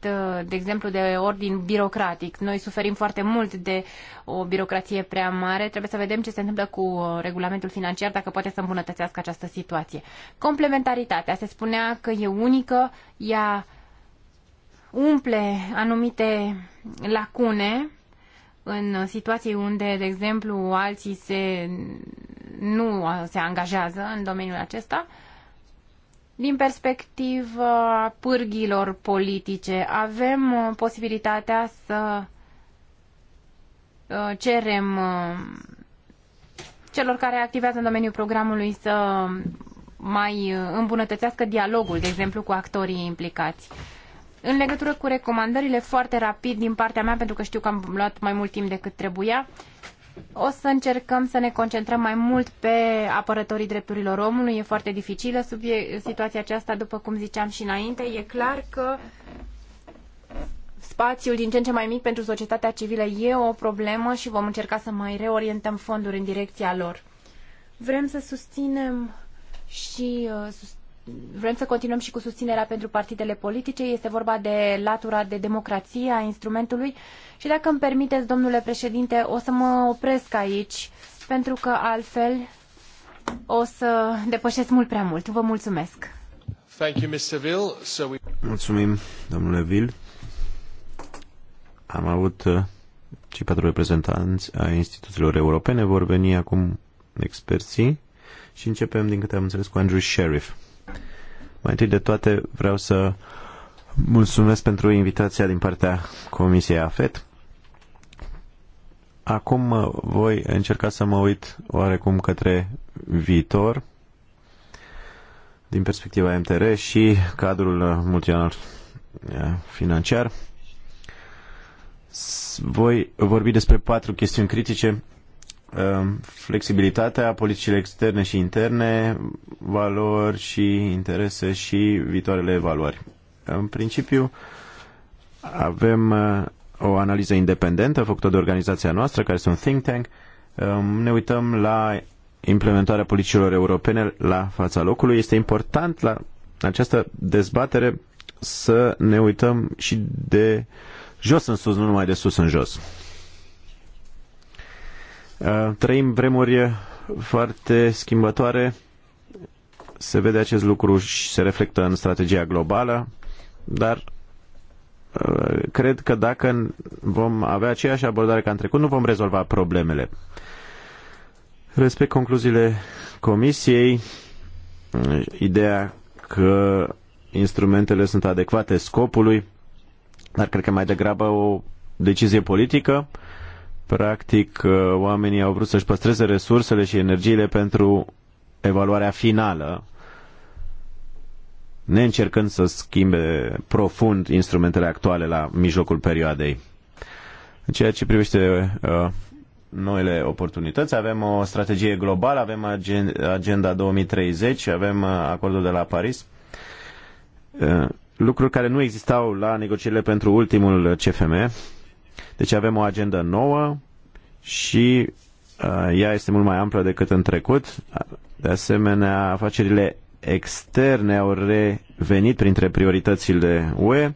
[SPEAKER 1] de exemplu, de ordin birocratic. Noi suferim foarte mult de o birocrație prea mare. Trebuie să vedem ce se întâmplă cu uh, regulamentul financiar, dacă poate să îmbunătățească această situație. Complementaritatea. Se spunea că e unică, ea umple anumite lacune în situații unde, de exemplu, alții se, nu se angajează în domeniul acesta, din perspectiva pârghilor politice, avem uh, posibilitatea să uh, cerem uh, celor care activează în domeniul programului să mai îmbunătățească dialogul, de exemplu, cu actorii implicați. În legătură cu recomandările, foarte rapid din partea mea, pentru că știu că am luat mai mult timp decât trebuia, o să încercăm să ne concentrăm mai mult pe apărătorii drepturilor omului. E foarte dificilă sub situația aceasta, după cum ziceam și înainte. E clar că spațiul din ce în ce mai mic pentru societatea civilă e o problemă și vom încerca să mai reorientăm fonduri în direcția lor. Vrem să susținem și uh, vrem să continuăm și cu susținerea pentru partidele politice. Este vorba de latura de democrație a instrumentului și dacă îmi permiteți, domnule președinte, o să mă opresc aici pentru că altfel o să depășesc mult prea mult. Vă mulțumesc.
[SPEAKER 2] Mulțumim, domnule Vil. Am avut uh, cei patru reprezentanți ai instituțiilor europene. Vor veni acum experții și începem, din câte am înțeles, cu Andrew Sheriff. Mai întâi de toate vreau să mulțumesc pentru invitația din partea Comisiei AFET. Acum uh, voi încerca să mă uit oarecum către viitor din perspectiva MTR și cadrul uh, multianual uh, financiar. Voi vorbi despre patru chestiuni critice Ehm, flexibilitatea politicile externe și interne, valori și interese și viitoarele evaluări. În principiu, avem eh, o analiză independentă făcută de organizația noastră, care este un think tank. Ehm, ne uităm la implementarea politicilor europene la fața locului. Este important la această dezbatere să ne uităm și de jos în sus, nu numai de sus în jos. Uh, trăim vremuri foarte schimbătoare. Se vede acest lucru și se reflectă în strategia globală, dar uh, cred că dacă vom avea aceeași abordare ca în trecut, nu vom rezolva problemele. Respect concluziile comisiei, uh, ideea că instrumentele sunt adecvate scopului, dar cred că mai degrabă o decizie politică Practic, uh, oamenii au vrut să-și păstreze resursele și energiile pentru evaluarea finală, neîncercând să schimbe profund instrumentele actuale la mijlocul perioadei. În ceea ce privește uh, noile oportunități, avem o strategie globală, avem agenda 2030, avem uh, acordul de la Paris, uh, lucruri care nu existau la negocierile pentru ultimul CFM. Deci avem o agendă nouă și uh, ea este mult mai amplă decât în trecut. De asemenea, afacerile externe au revenit printre prioritățile UE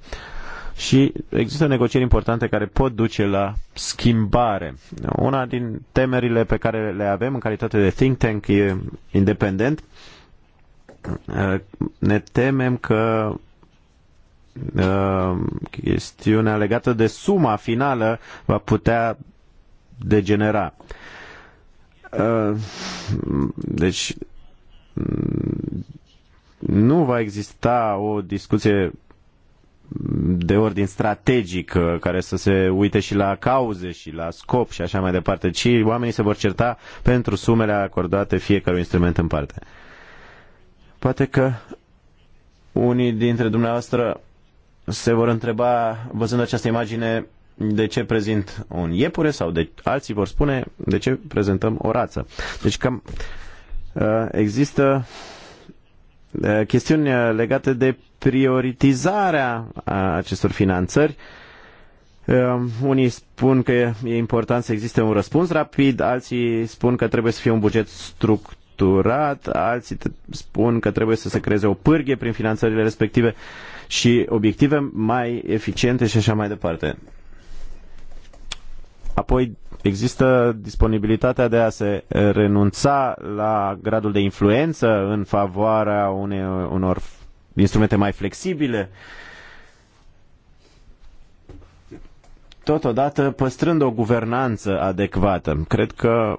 [SPEAKER 2] și există negocieri importante care pot duce la schimbare. Una din temerile pe care le avem în calitate de think tank independent, uh, ne temem că Uh, chestiunea legată de suma finală va putea degenera. Uh, deci mm, nu va exista o discuție de ordin strategic uh, care să se uite și la cauze și la scop și așa mai departe, ci oamenii se vor certa pentru sumele acordate fiecărui instrument în parte. Poate că unii dintre dumneavoastră se vor întreba, văzând această imagine, de ce prezint un iepure sau de, alții vor spune de ce prezentăm o rață. Deci cam uh, există uh, chestiuni uh, legate de prioritizarea acestor finanțări. Unii spun că e important să existe un răspuns rapid, alții spun că trebuie să fie un buget structurat, alții spun că trebuie să se creeze o pârghie prin finanțările respective. Uh, și obiective mai eficiente și așa mai departe. Apoi există disponibilitatea de a se renunța la gradul de influență în favoarea unei, unor instrumente mai flexibile, totodată păstrând o guvernanță adecvată. Cred că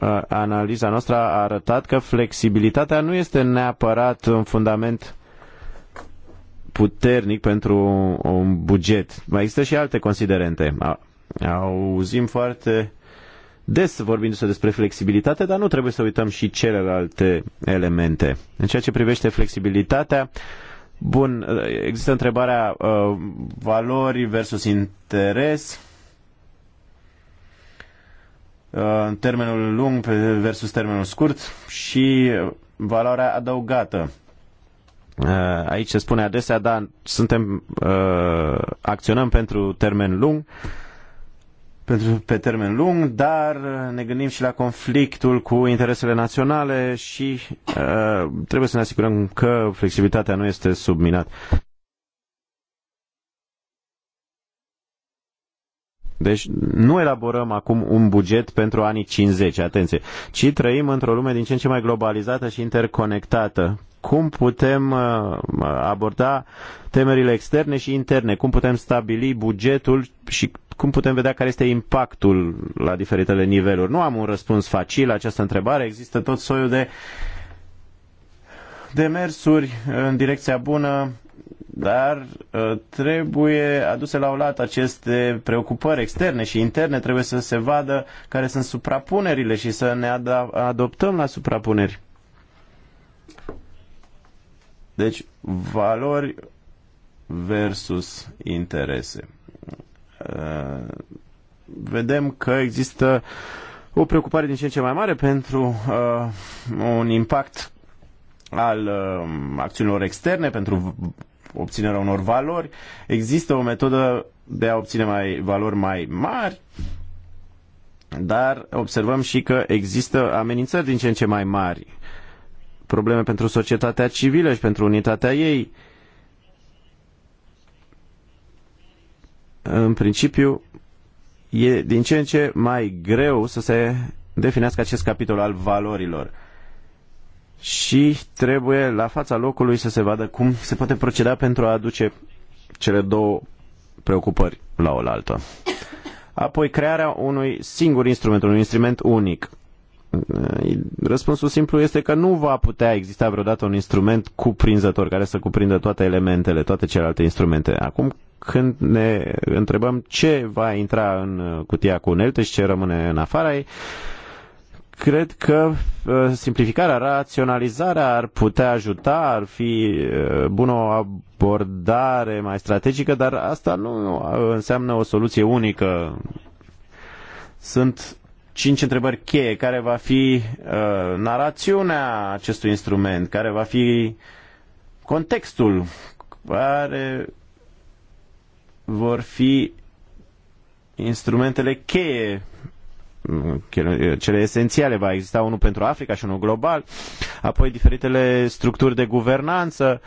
[SPEAKER 2] uh, analiza noastră a arătat că flexibilitatea nu este neapărat un fundament puternic pentru un buget. Mai există și alte considerente. Auzim foarte des vorbindu-se despre flexibilitate, dar nu trebuie să uităm și celelalte elemente. În ceea ce privește flexibilitatea, bun, există întrebarea uh, valori versus interes, uh, termenul lung versus termenul scurt și valoarea adăugată Eh, aici se spune adesea, dar suntem, eh, acționăm pentru termen lung, pentru, pe termen lung, dar ne gândim și la conflictul cu interesele naționale și uh, trebuie să ne asigurăm că flexibilitatea nu este subminată. Deci nu elaborăm acum un buget pentru anii 50, atenție, ci trăim într-o lume din ce în ce mai globalizată și interconectată. Cum putem uh, aborda temerile externe și interne? Cum putem stabili bugetul și cum putem vedea care este impactul la diferitele niveluri? Nu am un răspuns facil la această întrebare. Există tot soiul de demersuri în direcția bună, dar uh, trebuie aduse la olat aceste preocupări externe și interne, trebuie să se vadă care sunt suprapunerile și să ne ad- adoptăm la suprapuneri. Deci, valori versus interese. Uh, vedem că există o preocupare din ce în ce mai mare pentru uh, un impact al uh, acțiunilor externe, pentru obținerea unor valori. Există o metodă de a obține mai valori mai mari, dar observăm și că există amenințări din ce în ce mai mari, probleme pentru societatea civilă și pentru unitatea ei. În principiu, e din ce în ce mai greu să se definească acest capitol al valorilor și trebuie la fața locului să se vadă cum se poate proceda pentru a aduce cele două preocupări la oaltă. Apoi crearea unui singur instrument, un instrument unic. Răspunsul simplu este că nu va putea exista vreodată un instrument cuprinzător care să cuprindă toate elementele, toate celelalte instrumente. Acum când ne întrebăm ce va intra în cutia cu unelte și ce rămâne în afara ei, cred că uh, simplificarea, raționalizarea ar putea ajuta, ar fi uh, bună o abordare mai strategică, dar asta nu înseamnă o soluție unică. Sunt cinci întrebări cheie. Care va fi uh, narațiunea acestui instrument? Care va fi contextul? Care vor fi instrumentele cheie cele esențiale. Va exista unul pentru Africa și unul global, apoi diferitele structuri de guvernanță,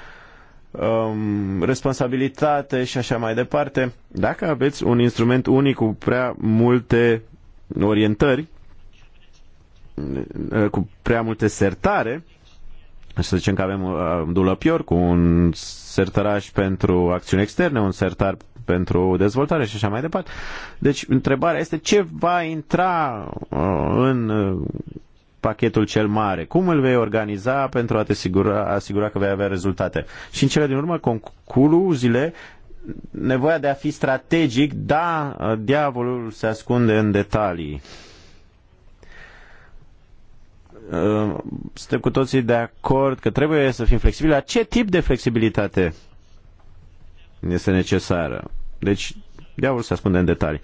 [SPEAKER 2] um, responsabilitate și așa mai departe. Dacă aveți un instrument unic cu prea multe orientări, uh, cu prea multe sertare, să zicem că avem uh, dulăpior cu un sertăraș pentru acțiuni externe, un sertar pentru dezvoltare și așa mai departe. Deci, întrebarea este ce va intra uh, în uh, pachetul cel mare? Cum îl vei organiza pentru a te asigura, asigura că vei avea rezultate? Și în cele din urmă, concluziile, nevoia de a fi strategic, da, uh, diavolul se ascunde în detalii. Suntem cu toții de acord că trebuie să fim flexibili. La ce tip de flexibilitate? este necesară. Deci, diavolul se ascunde în detalii.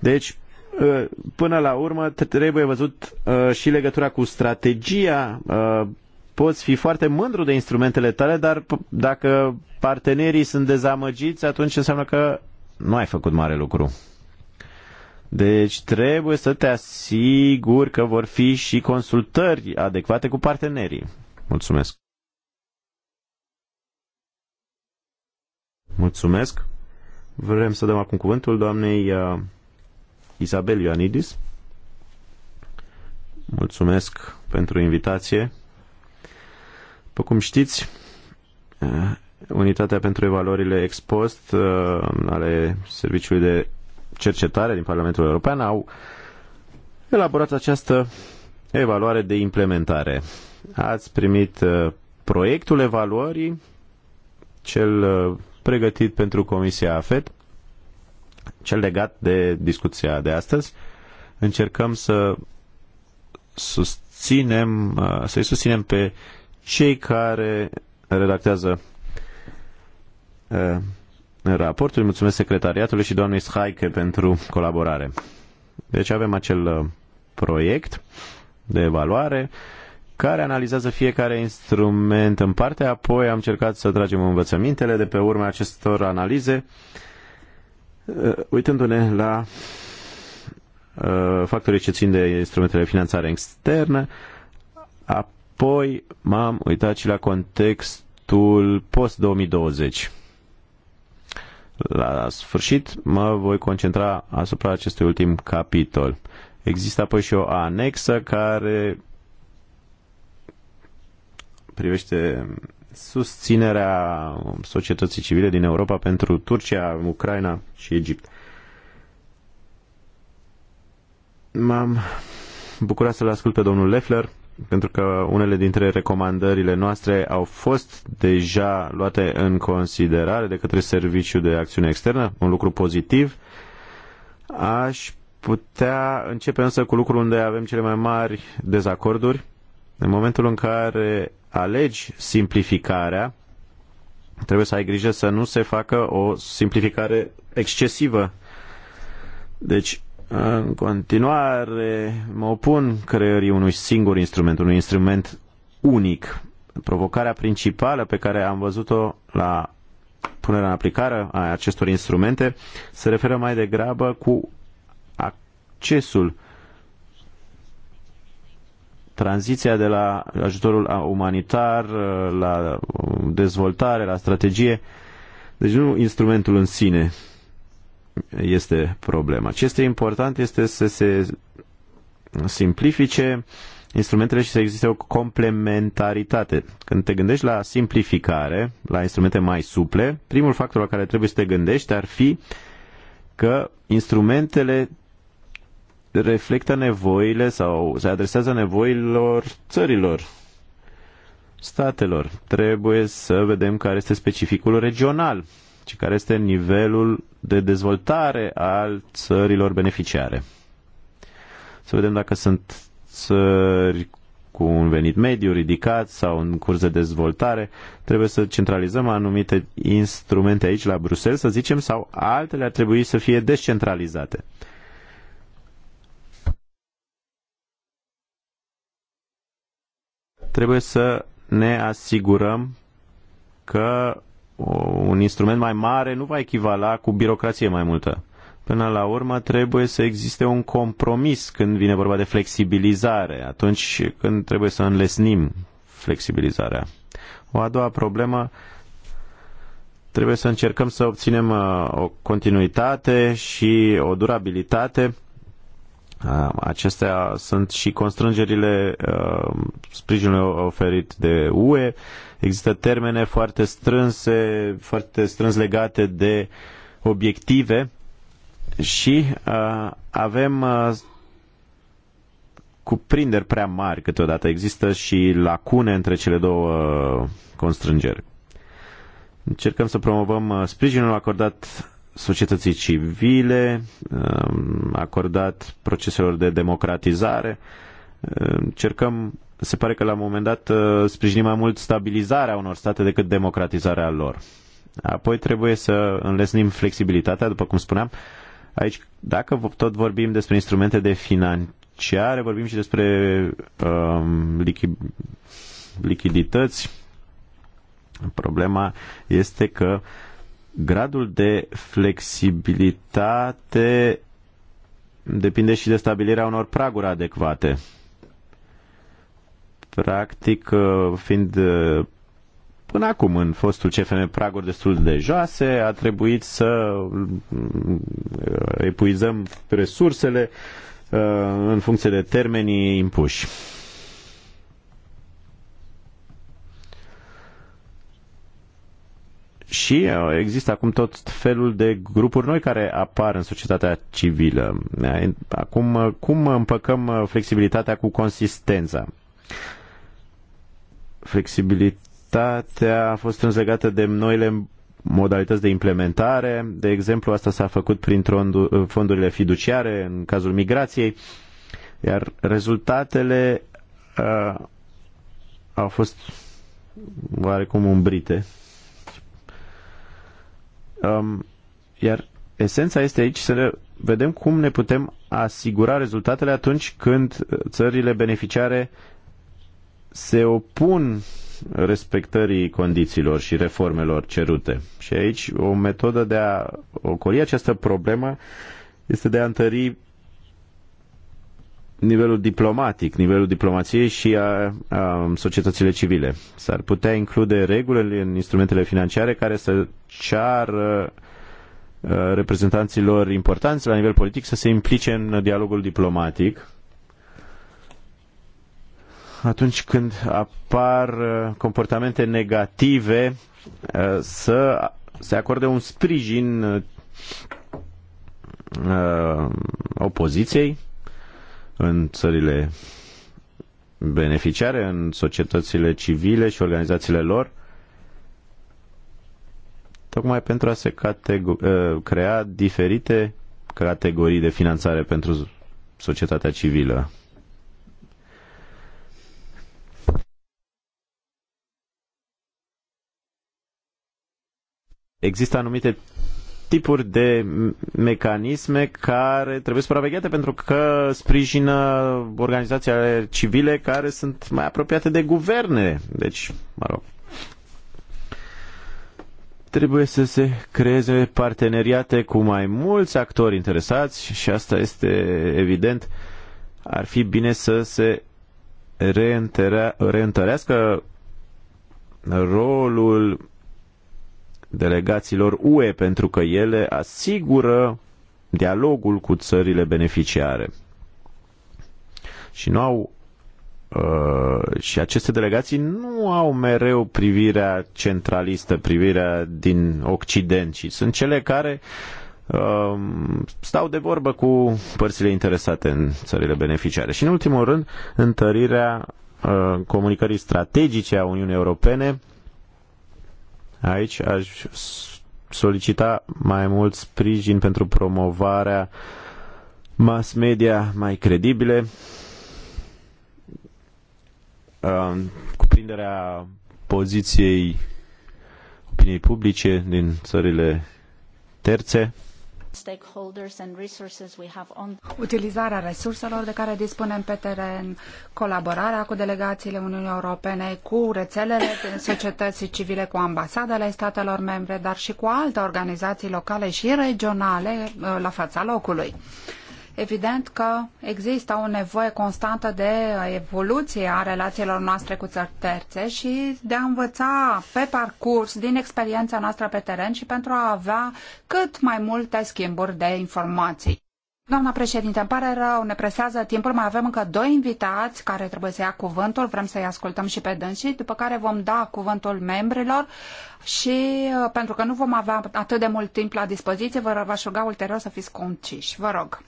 [SPEAKER 2] Deci, ă, până la urmă, trebuie văzut ă, și legătura cu strategia. Ă, poți fi foarte mândru de instrumentele tale, dar dacă partenerii sunt dezamăgiți, atunci înseamnă că nu ai făcut mare lucru. Deci trebuie să te asiguri că vor fi și consultări adecvate cu partenerii. Mulțumesc. Mulțumesc. Vrem să dăm acum cuvântul doamnei uh, Isabel Ioanidis. Mulțumesc pentru invitație. După cum știți, uh, Unitatea pentru Evaluările Expost uh, ale Serviciului de cercetare din Parlamentul European au elaborat această evaluare de implementare. Ați primit uh, proiectul evaluării, cel uh, pregătit pentru Comisia AFET, cel legat de discuția de astăzi. Încercăm să susținem, uh, să-i susținem pe cei care redactează raportul. Mulțumesc secretariatului și doamnei Schaike pentru colaborare. Deci avem acel uh, proiect de evaluare care analizează fiecare instrument în parte, apoi am încercat să tragem învățămintele de pe urma acestor analize, uh, uitându-ne la uh, factorii ce țin de instrumentele de finanțare externă, apoi m-am uitat și la contextul post-2020 la sfârșit mă voi concentra asupra acestui ultim capitol. Există apoi și o anexă care privește susținerea societății civile din Europa pentru Turcia, Ucraina și Egipt. M-am bucurat să-l ascult pe domnul Leffler pentru că unele dintre recomandările noastre au fost deja luate în considerare de către Serviciul de Acțiune Externă, un lucru pozitiv. Aș putea începe însă cu lucrul unde avem cele mai mari dezacorduri. În momentul în care alegi simplificarea, trebuie să ai grijă să nu se facă o simplificare excesivă. Deci, în continuare, mă opun creării unui singur instrument, unui instrument unic. Provocarea principală pe care am văzut-o la punerea în aplicare a acestor instrumente se referă mai degrabă cu accesul tranziția de la ajutorul umanitar la dezvoltare, la strategie, deci nu instrumentul în sine este problema. Ce este important este să se simplifice instrumentele și să existe o complementaritate. Când te gândești la simplificare, la instrumente mai suple, primul factor la care trebuie să te gândești ar fi că instrumentele reflectă nevoile sau se adresează nevoilor țărilor, statelor. Trebuie să vedem care este specificul regional ci care este nivelul de dezvoltare al țărilor beneficiare. Să vedem dacă sunt țări cu un venit mediu ridicat sau în curs de dezvoltare, trebuie să centralizăm anumite instrumente aici la Bruxelles, să zicem, sau altele ar trebui să fie descentralizate. Trebuie să ne asigurăm că un instrument mai mare nu va echivala cu birocrație mai multă. Până la urmă trebuie să existe un compromis când vine vorba de flexibilizare, atunci când trebuie să înlesnim flexibilizarea. O a doua problemă trebuie să încercăm să obținem uh, o continuitate și o durabilitate Acestea sunt și constrângerile sprijinului oferit de UE. Există termene foarte strânse, foarte strâns legate de obiective și avem cuprinderi prea mari câteodată. Există și lacune între cele două constrângeri. Încercăm să promovăm sprijinul acordat societății civile, um, acordat proceselor de democratizare. Um, Cercăm, se pare că la un moment dat uh, sprijinim mai mult stabilizarea unor state decât democratizarea lor. Apoi trebuie să înlesnim flexibilitatea, după cum spuneam. Aici, dacă tot vorbim despre instrumente de financiare, vorbim și despre um, lichi- lichidități. Problema este că uh, Gradul de flexibilitate depinde și de stabilirea unor praguri adecvate. Practic, uh, fiind uh, până acum în fostul CFM praguri destul de joase, a trebuit să uh, epuizăm resursele în funcție de termenii impuși. Și uh, există acum tot felul de grupuri noi care apar în societatea civilă. Acum, uh, cum împăcăm uh, flexibilitatea cu consistența? Flexibilitatea a fost strâns de noile modalități de implementare. De exemplu, asta s-a făcut prin fondurile fiduciare în cazul migrației, iar rezultatele uh, au fost oarecum umbrite. Um, iar esența este aici să ne vedem cum ne putem asigura rezultatele atunci când țările beneficiare se opun respectării condițiilor și reformelor cerute. Și aici o metodă de a ocoli această problemă este de a întări nivelul diplomatic, nivelul diplomației și a, a societățile civile. S-ar putea include regulile în instrumentele financiare care să ceară reprezentanților importanți la nivel politic să se implice în dialogul diplomatic atunci când apar comportamente negative să se acorde un sprijin opoziției în țările beneficiare, în societățile civile și organizațiile lor, tocmai pentru a se ă, crea diferite categorii de finanțare pentru societatea civilă. Există anumite tipuri de mecanisme care trebuie supravegheate pentru că sprijină organizațiile civile care sunt mai apropiate de guverne. Deci, mă rog, trebuie să se creeze parteneriate cu mai mulți actori interesați și asta este evident. Ar fi bine să se reîntărească rolul delegațiilor UE pentru că ele asigură dialogul cu țările beneficiare. Și nu au Uh, și aceste delegații nu au mereu privirea centralistă, privirea din Occident, ci sunt cele care uh, stau de vorbă cu părțile interesate în țările beneficiare. Și în ultimul rând, întărirea uh, comunicării strategice a Uniunii Europene Aici aș solicita mai mult sprijin pentru promovarea mass media mai credibile, uh, cuprinderea poziției opiniei publice din țările terțe,
[SPEAKER 3] stakeholders and resources we have on... Utilizarea resurselor de care dispunem pe teren, colaborarea cu delegațiile Uniunii Europene, cu rețelele societății civile, cu ambasadele statelor membre, dar și cu alte organizații locale și regionale uh, la fața locului. Evident că există o nevoie constantă de evoluție a relațiilor noastre cu țări terțe și de a învăța pe parcurs din experiența noastră pe teren și pentru a avea cât mai multe schimburi de informații. Doamna președinte, îmi pare rău, ne presează timpul, mai avem încă doi invitați care trebuie să ia cuvântul, vrem să-i ascultăm și pe dânsii, după care vom da cuvântul membrilor și uh, pentru că nu vom avea atât de mult timp la dispoziție, vă aș ruga ulterior să fiți conciși. Vă rog.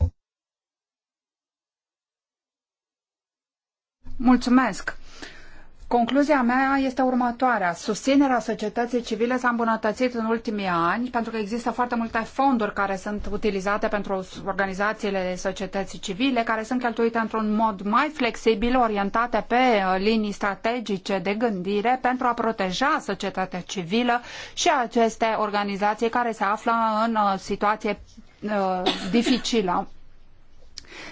[SPEAKER 3] Mulțumesc! Concluzia mea este următoarea. Susținerea societății civile s-a îmbunătățit în ultimii ani pentru că există foarte multe fonduri care sunt utilizate pentru organizațiile societății civile, care sunt cheltuite într-un mod mai flexibil, orientate pe uh, linii strategice de gândire pentru a proteja societatea civilă și aceste organizații care se află în uh, situație uh, dificilă.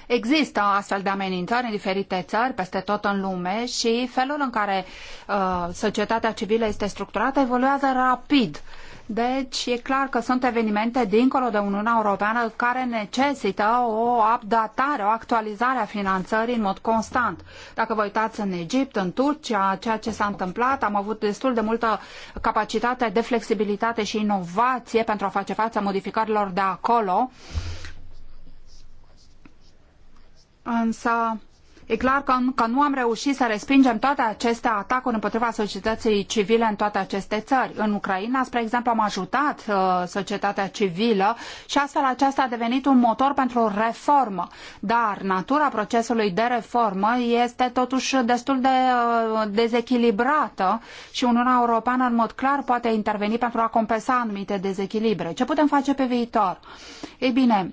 [SPEAKER 3] Există astfel de amenințări în diferite țări, peste tot în lume și felul în care uh, societatea civilă este structurată evoluează rapid. Deci e clar că sunt evenimente dincolo de Uniunea Europeană care necesită o updatare, o actualizare a finanțării în mod constant. Dacă vă uitați în Egipt, în Turcia, ceea ce s-a întâmplat, am avut destul de multă capacitate de flexibilitate și inovație pentru a face față modificărilor de acolo. Uh, însă e clar că încă nu am reușit să respingem toate aceste atacuri împotriva societății civile în toate aceste țări. În Ucraina, spre exemplu, am ajutat uh, societatea civilă și astfel aceasta a devenit un motor pentru reformă. Dar natura procesului de reformă este totuși destul de uh, dezechilibrată și Uniunea Europeană în mod clar poate interveni pentru a compensa anumite dezechilibre. Ce putem face pe viitor? Ei bine,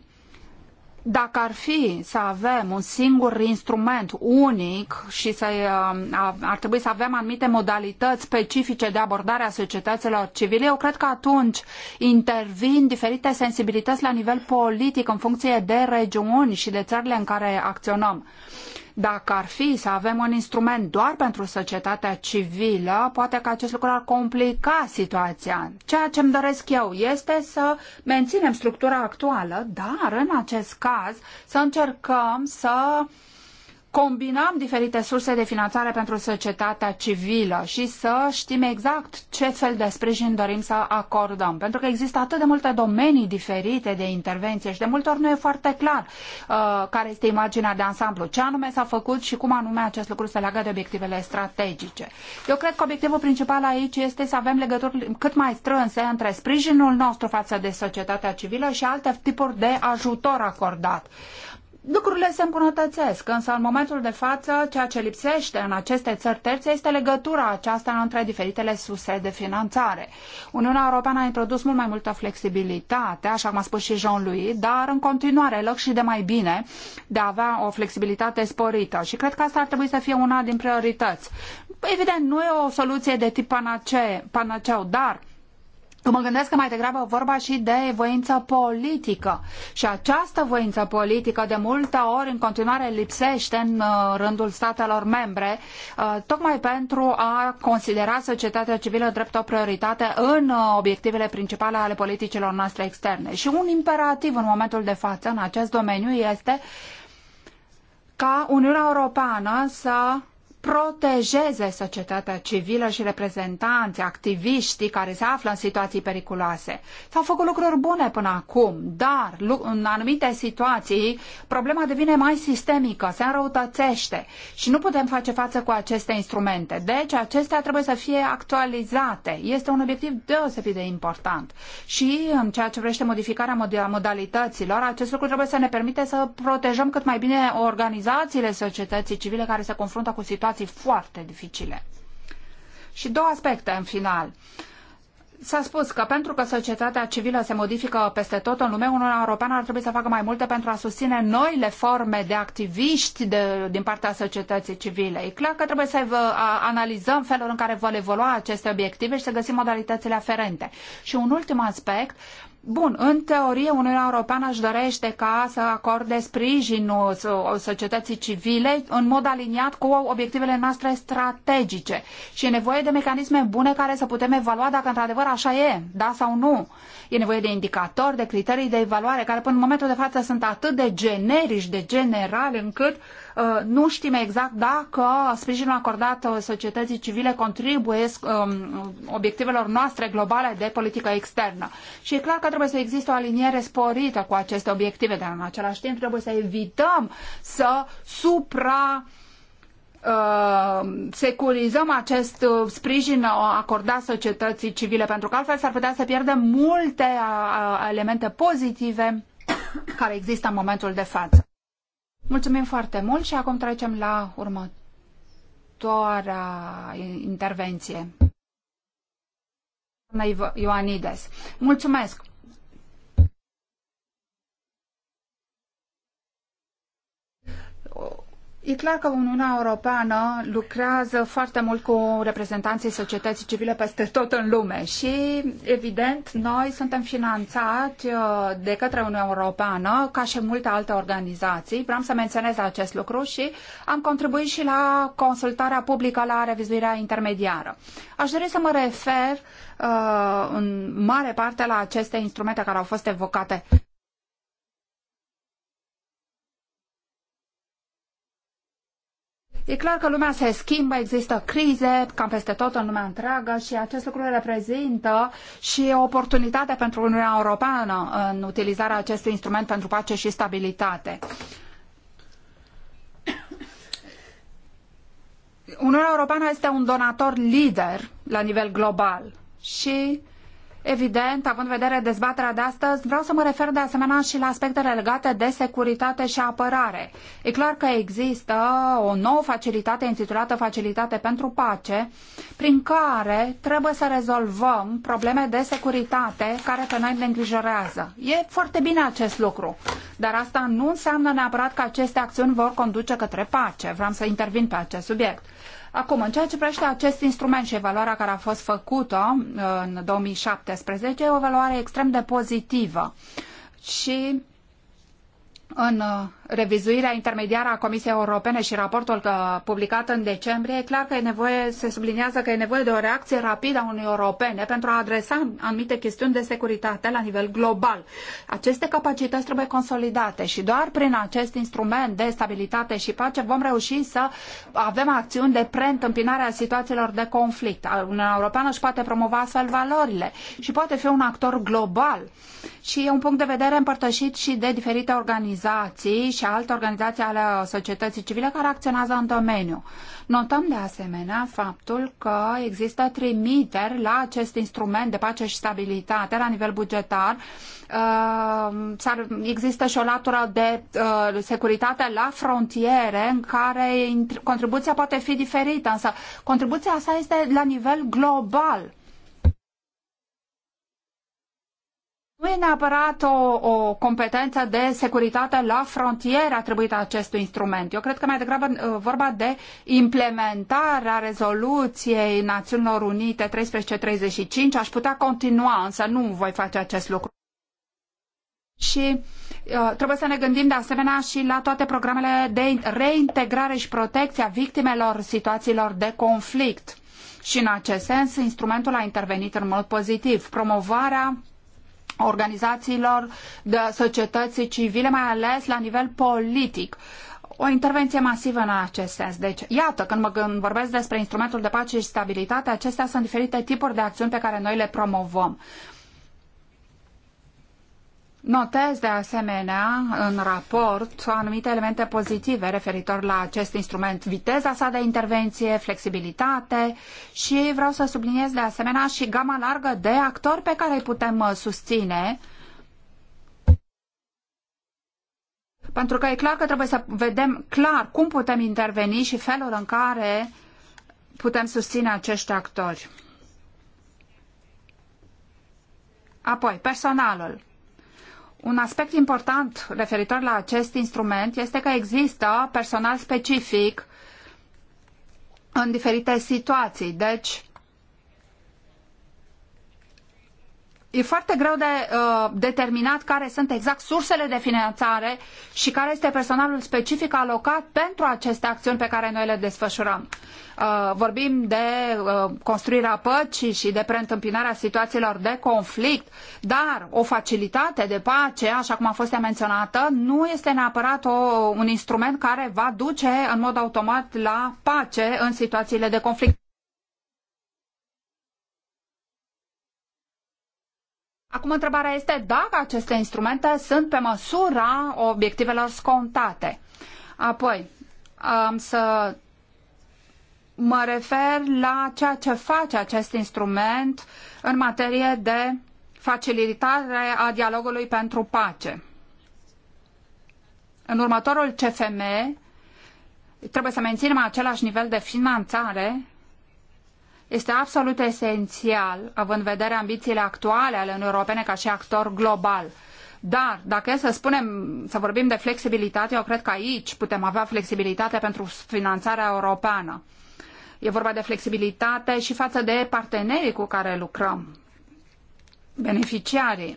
[SPEAKER 3] dacă ar fi să avem un singur instrument unic și să, um, ar trebui să avem anumite modalități specifice de abordare a societăților civile, eu cred că atunci intervin diferite sensibilități la nivel politic în funcție de regiuni și de țările în care acționăm. Uh, dacă ar fi să avem un instrument doar pentru societatea civilă, poate că acest lucru ar complica situația. Ceea ce îmi doresc eu este să menținem structura actuală, dar în acest caz să încercăm să uh, combinăm diferite surse de finanțare pentru societatea civilă și să știm exact ce fel de sprijin dorim să acordăm. Pentru că există atât de multe domenii diferite de intervenție și de multe ori nu e foarte clar uh, care este imaginea de ansamblu, ce anume s-a făcut și cum anume acest lucru se leagă de obiectivele strategice. Eu cred că obiectivul principal aici este să avem legături cât mai strânse între sprijinul nostru față de societatea civilă și alte tipuri de ajutor acordat lucrurile se îmbunătățesc, însă în momentul de față ceea ce lipsește în aceste țări terțe este legătura aceasta între diferitele suse de finanțare. Uniunea Europeană a introdus mult mai multă flexibilitate, așa cum a spus și Jean-Louis, dar în continuare loc și de mai bine de a avea o flexibilitate sporită și cred că asta ar trebui să fie una din priorități. Evident, nu e o soluție de tip panaceu, panaceu dar Mă gândesc că mai degrabă vorba și de voință politică. Și această voință politică de multe ori în continuare lipsește în uh, rândul statelor membre, uh, tocmai pentru a considera societatea civilă drept o prioritate în uh, obiectivele principale ale politicilor noastre externe. Și un imperativ în momentul de față în acest domeniu este ca Uniunea Europeană să protejeze societatea civilă și reprezentanții, activiștii care se află în situații periculoase. S-au făcut lucruri bune până acum, dar în anumite situații problema devine mai sistemică, se înrăutățește și nu putem face față cu aceste instrumente. Deci acestea trebuie să fie actualizate. Este un obiectiv deosebit de important. Și în ceea ce vrește modificarea modalităților, acest lucru trebuie să ne permite să protejăm cât mai bine organizațiile societății civile care se confruntă cu situații situații foarte dificile. Și două aspecte în final. S-a spus că pentru că societatea civilă se modifică peste tot în lume, Uniunea Europeană ar trebui să facă mai multe pentru a susține noile forme de activiști de, din partea societății civile. E clar că trebuie să analizăm felul în care vor evolua aceste obiective și să găsim modalitățile aferente. Și un ultim aspect, Bun, în teorie Uniunea Europeană își dorește ca să acorde sprijinul societății civile în mod aliniat cu obiectivele noastre strategice și e nevoie de mecanisme bune care să putem evalua dacă într-adevăr așa e, da sau nu. E nevoie de indicatori, de criterii de evaluare care până în momentul de față sunt atât de generici, de generale, încât uh, Uh, nu știm exact dacă sprijinul acordat uh, societății civile contribuie um, obiectivelor noastre globale de politică externă. Și e clar că trebuie să existe o aliniere sporită cu aceste obiective, dar în același timp trebuie să evităm să supra uh, securizăm acest sprijin acordat societății civile, pentru că altfel s-ar putea să pierdem multe elemente pozitive care există în momentul de față. Mulțumim foarte mult și acum trecem la următoarea intervenție. Doamna Ioanides. Mulțumesc! E clar că Uniunea Europeană lucrează foarte mult cu reprezentanții societății civile peste tot în lume și, evident, noi suntem finanțați uh, de către Uniunea Europeană, ca și multe alte organizații. Vreau să menționez acest lucru și am contribuit și la consultarea publică la revizuirea intermediară. Aș dori să mă refer uh, în mare parte la aceste instrumente care au fost evocate E clar că lumea se schimbă, există crize cam peste tot în lumea întreagă și acest lucru reprezintă și o oportunitate pentru Uniunea Europeană în utilizarea acestui instrument pentru pace și stabilitate. Uniunea Europeană este un donator lider la nivel global și Evident, având în vedere dezbaterea de astăzi, vreau să mă refer de asemenea și la aspectele legate de securitate și apărare. E clar că există o nouă facilitate intitulată Facilitate pentru Pace, prin care trebuie să rezolvăm probleme de securitate care pe noi ne îngrijorează. E foarte bine acest lucru, dar asta nu înseamnă neapărat că aceste acțiuni vor conduce către pace. Vreau să intervin pe acest subiect. Acum, în ceea ce privește acest instrument și evaluarea care a fost făcută uh, în 2017, e o evaluare extrem de pozitivă. Și în uh, revizuirea intermediară a Comisiei Europene și raportul publicat în decembrie, e clar că e nevoie, se subliniază că e nevoie de o reacție rapidă a Uniunii Europene pentru a adresa anumite chestiuni de securitate la nivel global. Aceste capacități trebuie consolidate și doar prin acest instrument de stabilitate și pace vom reuși să avem acțiuni de preîntâmpinare a situațiilor de conflict. Uniunea Europeană își poate promova astfel valorile și poate fi un actor global. Și e un punct de vedere împărtășit și de diferite organizații și alte organizații ale societății civile care acționează în domeniu. Notăm de asemenea faptul că există trimiteri la acest instrument de pace și stabilitate la nivel bugetar. Uh, există și o latură de uh, securitate la frontiere în care contribuția poate fi diferită, însă contribuția sa este la nivel global Nu e neapărat o, o competență de securitate la frontieră atribuită acestui instrument. Eu cred că mai degrabă uh, vorba de implementarea rezoluției Națiunilor Unite 1335. Aș putea continua, însă nu voi face acest lucru. Și uh, trebuie să ne gândim de asemenea și la toate programele de reintegrare și protecție a victimelor situațiilor de conflict. Și în acest sens, instrumentul a intervenit în mod pozitiv. Promovarea organizațiilor de societății civile, mai ales la nivel politic o intervenție masivă în acest sens. Deci, iată, când, mă, când vorbesc despre instrumentul de pace și stabilitate, acestea sunt diferite tipuri de acțiuni pe care noi le promovăm. Notez de asemenea în raport anumite elemente pozitive referitor la acest instrument, viteza sa de intervenție, flexibilitate și vreau să subliniez de asemenea și gama largă de actori pe care îi putem uh, susține Pentru că e clar că trebuie să vedem clar cum putem interveni și felul în care putem susține acești actori. Apoi, personalul. Un aspect important referitor la acest instrument este că există personal specific în diferite situații. Deci, e foarte greu de uh, determinat care sunt exact sursele de finanțare și care este personalul specific alocat pentru aceste acțiuni pe care noi le desfășurăm. Uh, vorbim de uh, construirea păcii și de preîntâmpinarea situațiilor de conflict, dar o facilitate de pace, așa cum a fost menționată, nu este neapărat o, un instrument care va duce în mod automat la pace în situațiile de conflict. Acum întrebarea este dacă aceste instrumente sunt pe măsura obiectivelor scontate. Apoi, am să mă refer la ceea ce face acest instrument în materie de facilitare a dialogului pentru pace. În următorul CFM trebuie să menținem același nivel de finanțare este absolut esențial, având în vedere ambițiile actuale ale Uniunii Europene ca și actor global. Dar, dacă e să spunem, să vorbim de flexibilitate, eu cred că aici putem avea flexibilitate pentru finanțarea europeană. E vorba de flexibilitate și față de partenerii cu care lucrăm, beneficiarii.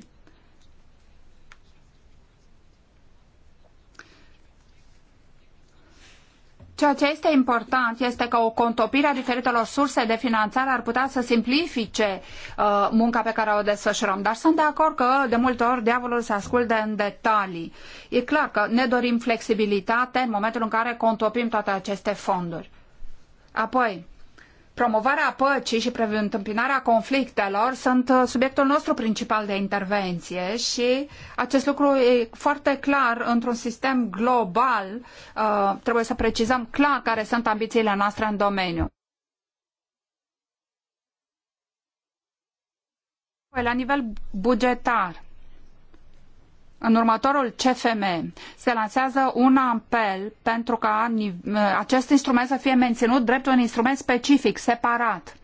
[SPEAKER 3] Ceea ce este important este că o contopire a diferitelor surse de finanțare ar putea să simplifice uh, munca pe care o desfășurăm. Dar sunt de acord că de multe ori diavolul se ascultă în detalii. E clar că ne dorim flexibilitate în momentul în care contopim toate aceste fonduri. Apoi, promovarea păcii și întâmpinarea conflictelor sunt uh, subiectul nostru principal de intervenție și acest lucru e foarte clar într-un sistem global. Uh, trebuie să precizăm clar care sunt ambițiile noastre în domeniu. Păi, la nivel bugetar, în următorul CFM se lansează un apel pentru ca acest instrument să fie menținut drept un instrument specific, separat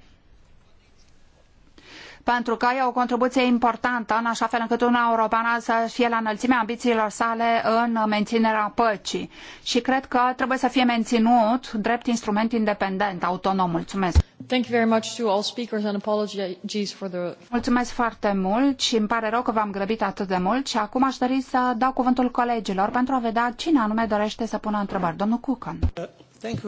[SPEAKER 3] pentru că e o contribuție importantă în așa fel încât Uniunea Europeană să fie la înălțimea ambițiilor sale în menținerea păcii. Și cred că trebuie să fie menținut drept instrument independent, autonom. Mulțumesc! Thank you very much to all speakers and apologies for the... Mulțumesc foarte mult și îmi pare rău că v-am grăbit atât de mult și acum aș dori să dau cuvântul colegilor pentru a vedea cine anume dorește să pună întrebări. Domnul Cucan. Uh. Thank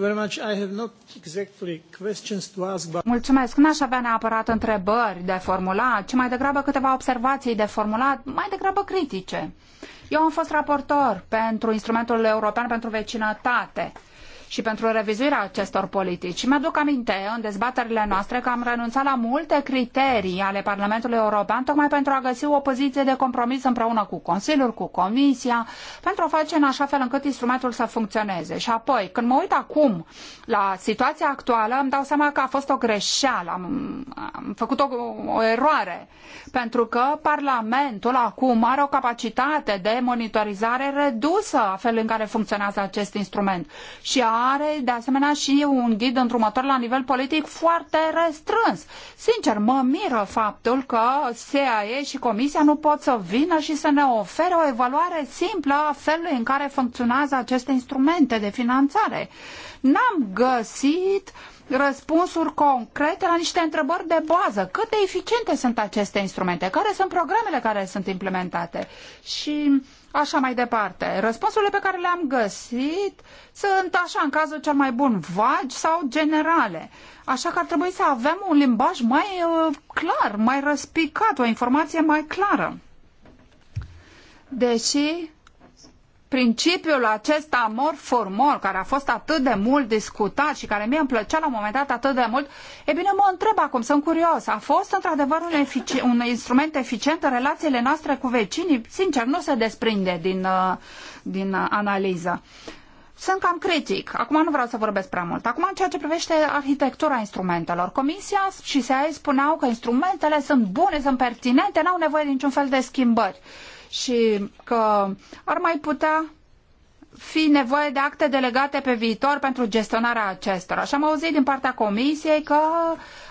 [SPEAKER 3] Mulțumesc. N-aș avea neapărat întrebări de formulat, ci mai degrabă câteva observații de formulat, mai degrabă critice. Eu am fost raportor pentru instrumentul european pentru vecinătate și pentru revizuirea acestor politici. Și mi-aduc aminte în dezbaterile noastre că am renunțat la multe criterii ale Parlamentului European tocmai pentru a găsi o poziție de compromis împreună cu Consiliul, cu Comisia, pentru a face în așa fel încât instrumentul să funcționeze. Și apoi, când mă uit acum la situația actuală, îmi dau seama că a fost o greșeală, am, am făcut o, o eroare, pentru că Parlamentul acum are o capacitate de monitorizare redusă a felului în care funcționează acest instrument. Și a are de asemenea și un ghid îndrumător la nivel politic foarte restrâns. Sincer, mă miră faptul că CIA și Comisia nu pot să vină și să ne ofere o evaluare simplă a felului în care funcționează aceste instrumente de finanțare. N-am găsit răspunsuri concrete la niște întrebări de bază. Cât de eficiente sunt aceste instrumente? Care sunt programele care sunt implementate? Și așa mai departe. Răspunsurile pe care le-am găsit sunt așa, în cazul cel mai bun, vagi sau generale. Așa că ar trebui să avem un limbaj mai uh, clar, mai răspicat, o informație mai clară. Deși principiul acesta mor for mor, care a fost atât de mult discutat și care mie îmi plăcea la un moment dat atât de mult, e bine, mă întreb acum, sunt curios, a fost într-adevăr un, efici- un instrument eficient în relațiile noastre cu vecinii? Sincer, nu se desprinde din, uh, din uh, analiză. Sunt cam critic. Acum nu vreau să vorbesc prea mult. Acum, în ceea ce privește arhitectura instrumentelor, Comisia și se spuneau că instrumentele sunt bune, sunt pertinente, n-au nevoie de niciun fel de schimbări. Uh, și că ar mai putea fi nevoie de acte delegate pe viitor pentru gestionarea acestora. Și am auzit din partea comisiei că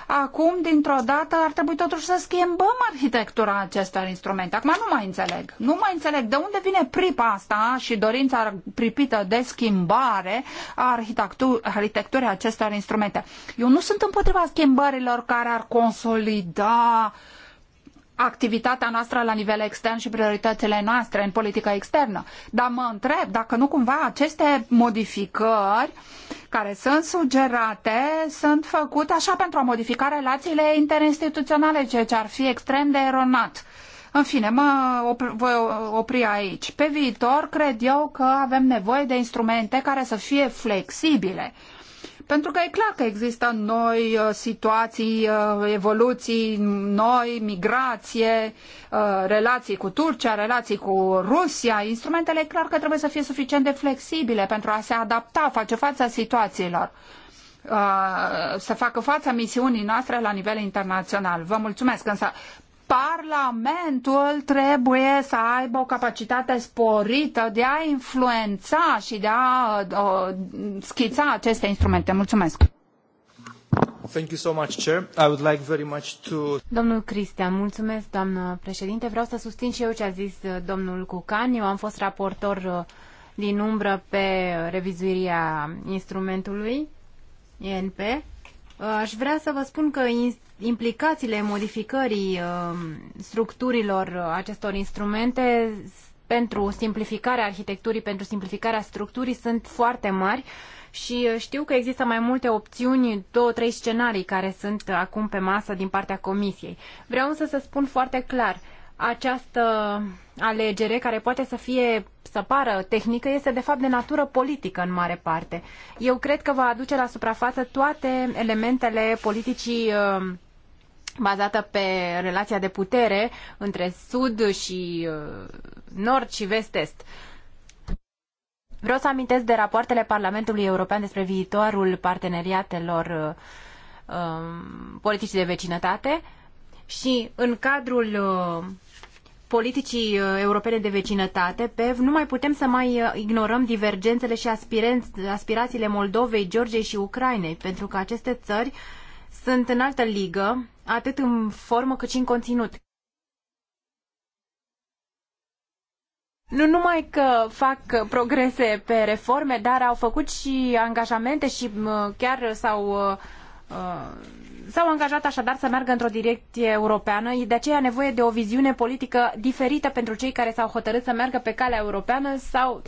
[SPEAKER 3] acum, dintr-o dată, ar trebui totuși să schimbăm arhitectura acestor instrumente. Acum nu mai înțeleg. Nu mai înțeleg de unde vine pripa asta și dorința pripită de schimbare a arhitecturii acestor instrumente. Eu nu sunt împotriva schimbărilor care ar consolida uh, activitatea noastră la nivel extern și prioritățile noastre în politica externă. Dar mă întreb dacă nu cumva aceste modificări care sunt sugerate sunt făcute așa pentru a modifica relațiile interinstituționale, ceea ce ar fi extrem de eronat. În fine, mă op- voi opri aici. Pe viitor, cred eu că avem nevoie de instrumente care să fie flexibile. Pentru că e clar că există noi uh, situații, uh, evoluții noi, migrație, uh, relații cu Turcia, relații cu Rusia. Instrumentele e clar că trebuie să fie suficient de flexibile pentru a se adapta, face fața situațiilor să facă fața misiunii noastre la nivel internațional. Vă mulțumesc, însă Parlamentul trebuie să aibă o capacitate sporită de a influența și de a uh, schița aceste instrumente. Mulțumesc! Thank you so much, Chair. I would like very much to... Domnul Cristian,
[SPEAKER 1] mulțumesc, doamnă președinte. Vreau să susțin și eu ce a zis uh, domnul Cucan. Eu am fost raportor uh, din umbră pe revizuirea instrumentului INP Uh, aș vrea să vă spun că implicațiile modificării uh, structurilor uh, acestor instrumente pentru simplificarea arhitecturii, pentru simplificarea structurii sunt foarte mari și știu că există mai multe opțiuni, două, trei scenarii care sunt acum pe masă din partea Comisiei. Vreau însă să spun foarte clar, această alegere, care poate să fie să pară tehnică, este de fapt de natură politică în mare parte. Eu cred că va aduce la suprafață toate elementele politicii uh, bazată pe relația de putere între sud și uh, nord și vest-est. Vreau să amintesc de rapoartele Parlamentului European despre viitorul parteneriatelor uh, uh politicii de vecinătate, uh, și în cadrul uh, politicii uh, europene de vecinătate, PEV, nu mai putem să mai uh, ignorăm divergențele și aspirațiile Moldovei, Georgiei și Ucrainei, pentru că aceste țări sunt în altă ligă, atât în formă cât și în conținut. Nu numai că fac progrese pe reforme, dar au făcut și angajamente și chiar s-au uh, S-au angajat așadar să meargă într-o direcție europeană, e de aceea nevoie de o viziune politică diferită pentru cei care s-au hotărât să meargă pe calea europeană sau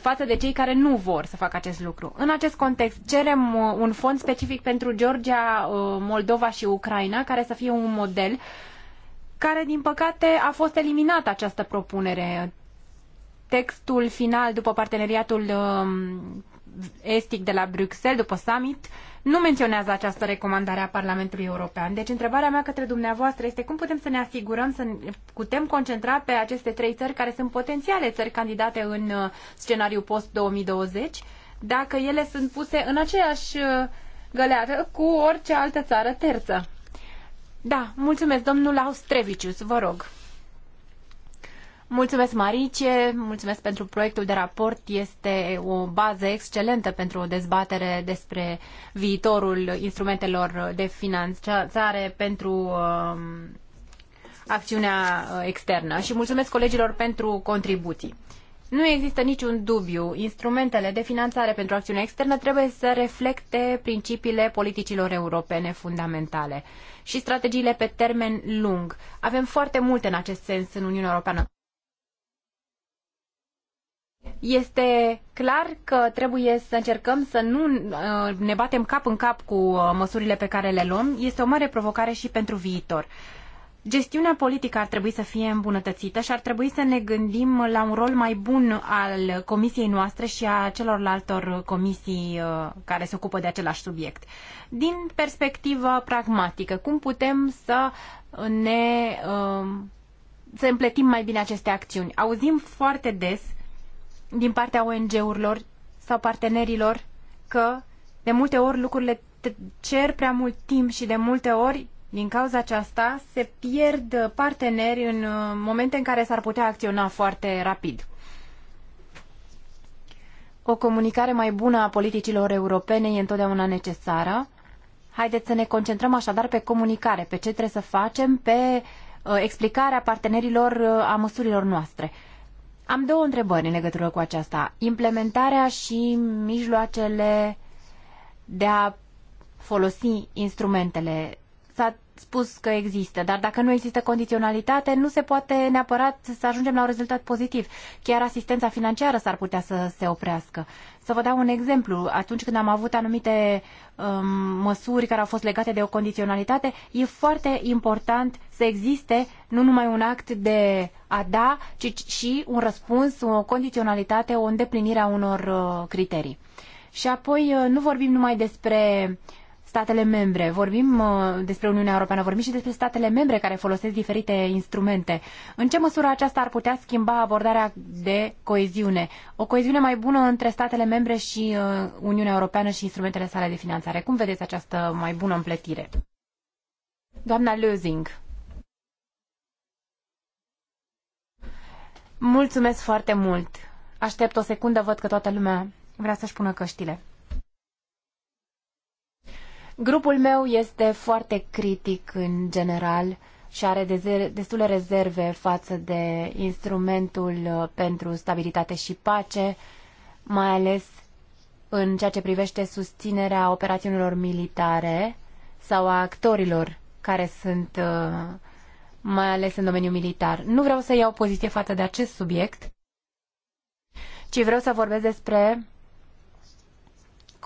[SPEAKER 1] față de cei care nu vor să facă acest lucru. În acest context, cerem uh, un fond specific pentru Georgia, uh, Moldova și Ucraina, care să fie un model care, din păcate, a fost eliminată această propunere. Textul final după parteneriatul um, estic de la Bruxelles, după summit, nu menționează această recomandare a Parlamentului European. Deci întrebarea mea către dumneavoastră este cum putem să ne asigurăm să ne putem concentra pe aceste trei țări care sunt potențiale țări candidate în uh, scenariul post-2020 dacă ele sunt puse în aceeași uh, găleată cu orice altă țară terță. Da, mulțumesc, domnul Austrevicius, vă rog. Mulțumesc, Marice, mulțumesc pentru proiectul de raport. Este o bază excelentă pentru o dezbatere despre viitorul instrumentelor de finanțare pentru um, uh, acțiunea externă și mulțumesc colegilor pentru contribuții. Nu există niciun dubiu. Instrumentele de finanțare pentru acțiunea externă trebuie să reflecte principiile politicilor europene fundamentale și strategiile pe termen lung. Avem foarte multe în acest sens în Uniunea Europeană. Este clar că trebuie să încercăm să nu uh, ne batem cap în cap cu uh, măsurile pe care le luăm. Este o mare provocare și pentru viitor. Gestiunea politică ar trebui să fie îmbunătățită și ar trebui să ne gândim la un rol mai bun al comisiei noastre și a celorlaltor comisii uh, care se ocupă de același subiect. Din perspectivă pragmatică, cum putem să ne să împletim mai bine aceste acțiuni? Auzim foarte des din partea ONG-urilor sau partenerilor că de multe ori lucrurile cer prea mult timp și de multe ori din cauza aceasta se pierd parteneri în uh, momente în care s-ar putea acționa foarte rapid. O comunicare mai bună a politicilor europene e întotdeauna necesară. Haideți să ne concentrăm așadar pe comunicare, pe ce trebuie să facem, pe uh, explicarea partenerilor uh, a măsurilor noastre. Am două întrebări în legătură cu aceasta. Implementarea și mijloacele de a folosi instrumentele. S-a spus că există, dar dacă nu există condiționalitate, nu se poate neapărat să ajungem la un rezultat pozitiv. Chiar asistența financiară s-ar putea să se oprească. Să vă dau un exemplu. Atunci când am avut anumite um, măsuri care au fost legate de o condiționalitate, e foarte important să existe nu numai un act de a da, ci și un răspuns, o condiționalitate, o îndeplinire a unor uh, criterii. Și apoi uh, nu vorbim numai despre uh, statele membre. Vorbim uh, despre Uniunea Europeană, vorbim și despre statele membre care folosesc diferite instrumente. În ce măsură aceasta ar putea schimba abordarea de coeziune? O coeziune mai bună între statele membre și uh, Uniunea Europeană și instrumentele sale de finanțare. Cum vedeți această mai bună împletire? Doamna Lusing. Mulțumesc foarte mult. Aștept o secundă, văd că toată lumea vrea să-și pună căștile. Grupul meu este foarte critic în general și are destule rezerve față de instrumentul uh, pentru stabilitate și pace, mai ales în ceea ce privește susținerea operațiunilor militare sau a actorilor care sunt uh, mai ales în domeniul militar. Nu vreau să iau poziție față de acest subiect, ci vreau să vorbesc despre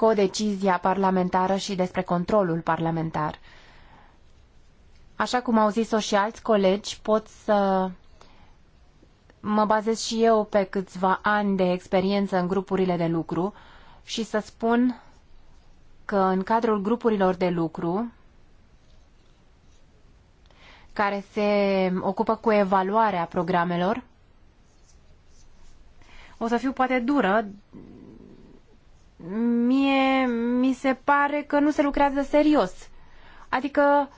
[SPEAKER 1] codecizia parlamentară și despre controlul parlamentar. Așa cum au zis-o și alți colegi, pot să mă bazez și eu pe câțiva ani de experiență în grupurile de lucru și să spun că în cadrul grupurilor de lucru care se ocupă cu evaluarea programelor, o să fiu poate dură mie mi se pare că nu se lucrează serios. Adică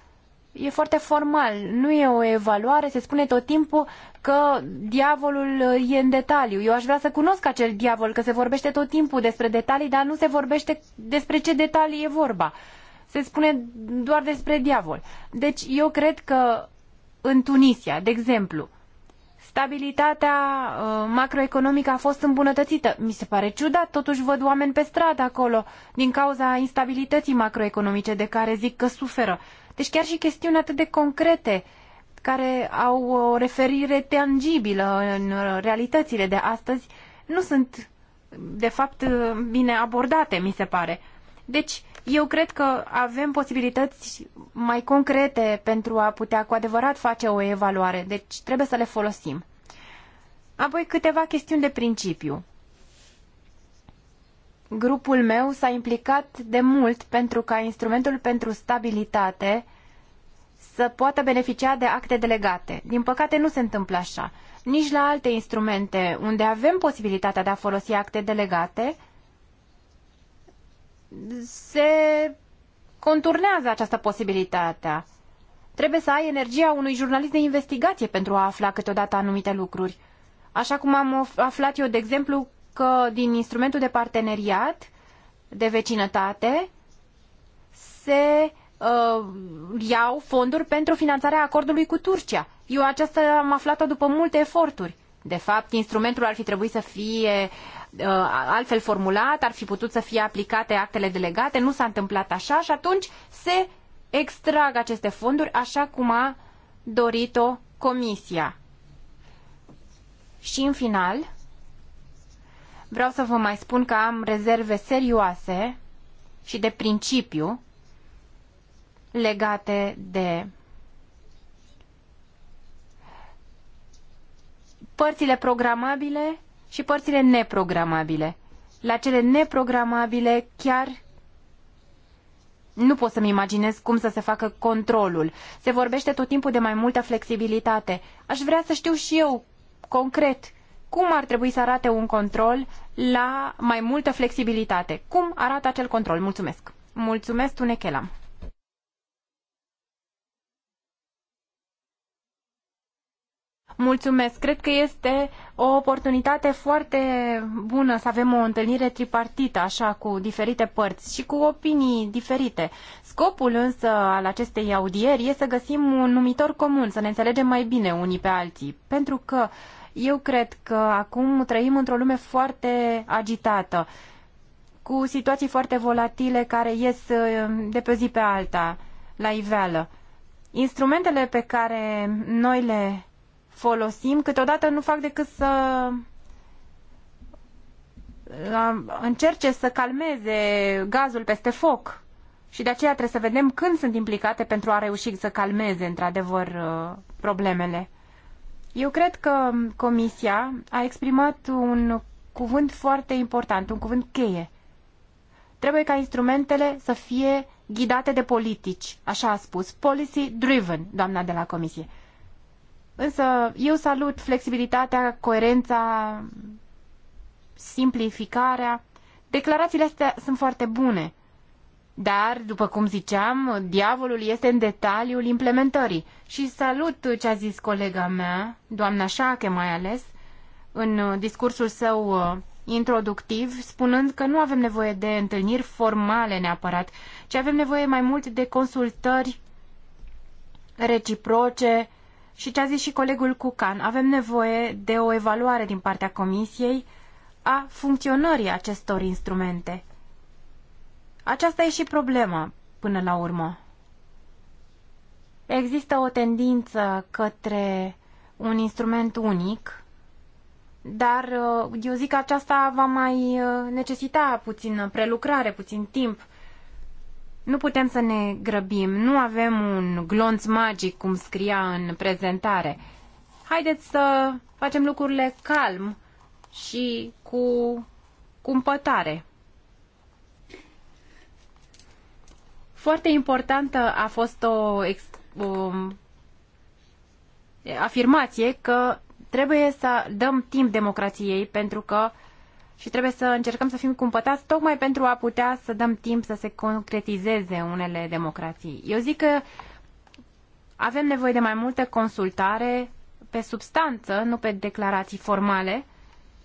[SPEAKER 1] e foarte formal, nu e o evaluare, se spune tot timpul că diavolul uh, e în detaliu. Eu aș vrea să cunosc acel diavol, că se vorbește tot timpul despre detalii, dar nu se vorbește despre ce detalii e vorba. Se spune doar despre diavol. Deci eu cred că în Tunisia, de exemplu, stabilitatea uh, macroeconomică a fost îmbunătățită. Mi se pare ciudat, totuși văd oameni pe stradă acolo din cauza instabilității macroeconomice de care zic că suferă. Deci chiar și chestiuni atât de concrete care au o referire tangibilă în uh, realitățile de astăzi nu sunt de fapt uh, bine abordate, mi se pare. Deci, eu cred că avem posibilități mai concrete pentru a putea cu adevărat face o evaluare, deci trebuie să le folosim. Apoi câteva chestiuni de principiu. Grupul meu s-a implicat de mult pentru ca instrumentul pentru stabilitate să poată beneficia de acte delegate. Din păcate nu se întâmplă așa. Nici la alte instrumente unde avem posibilitatea de a folosi acte delegate, se conturnează această posibilitate. Trebuie să ai energia unui jurnalist de investigație pentru a afla câteodată anumite lucruri. Așa cum am aflat eu, de exemplu, că din instrumentul de parteneriat, de vecinătate, se uh, iau fonduri pentru finanțarea acordului cu Turcia. Eu aceasta am aflat-o după multe eforturi. De fapt, instrumentul ar fi trebuit să fie uh, Uh, altfel formulat, ar fi putut să fie aplicate actele delegate, nu s-a întâmplat așa și atunci se extrag aceste fonduri așa cum a dorit-o Comisia. Și în final, vreau să vă mai spun că am rezerve serioase și de principiu legate de părțile programabile și părțile neprogramabile. La cele neprogramabile chiar nu pot să-mi imaginez cum să se facă controlul. Se vorbește tot timpul de mai multă flexibilitate. Aș vrea să știu și eu, concret, cum ar trebui să arate un control la mai multă flexibilitate. Cum arată acel control? Mulțumesc! Mulțumesc, Tunechelam! Mulțumesc. Cred că este o oportunitate foarte bună să avem o întâlnire tripartită, așa, cu diferite părți și cu opinii diferite. Scopul însă al acestei audieri este să găsim un numitor comun, să ne înțelegem mai bine unii pe alții, pentru că eu cred că acum trăim într-o lume foarte agitată, cu situații foarte volatile care ies uh, de pe o zi pe alta la iveală. Instrumentele pe care noi le folosim, câteodată nu fac decât să încerce să calmeze gazul peste foc. Și de aceea trebuie să vedem când sunt implicate pentru a reuși să calmeze, într-adevăr, uh, problemele. Eu cred că Comisia a exprimat un cuvânt foarte important, un cuvânt cheie. Trebuie ca instrumentele să fie ghidate de politici, așa a spus, policy driven, doamna de la Comisie. Însă eu salut flexibilitatea, coerența, simplificarea. Declarațiile astea sunt foarte bune. Dar, după cum ziceam, diavolul este în detaliul implementării. Și salut ce a zis colega mea, doamna Șache mai ales, în discursul său uh, introductiv, spunând că nu avem nevoie de întâlniri formale neapărat, ci avem nevoie mai mult de consultări reciproce, și ce a zis și colegul Cucan, avem nevoie de o evaluare din partea Comisiei a funcționării acestor instrumente. Aceasta e și problema, până la urmă. Există o tendință către un instrument unic, dar uh, eu zic că aceasta va mai uh, necesita puțin prelucrare, puțin timp. Nu putem să ne grăbim, nu avem un glonț magic, cum scria în prezentare. Haideți să facem lucrurile calm și cu cumpătare. Foarte importantă a fost o, o afirmație că trebuie să dăm timp democrației pentru că și trebuie să încercăm să fim cumpătați tocmai pentru a putea să dăm timp să se concretizeze unele democrații. Eu zic că avem nevoie de mai multă consultare pe substanță, nu pe declarații formale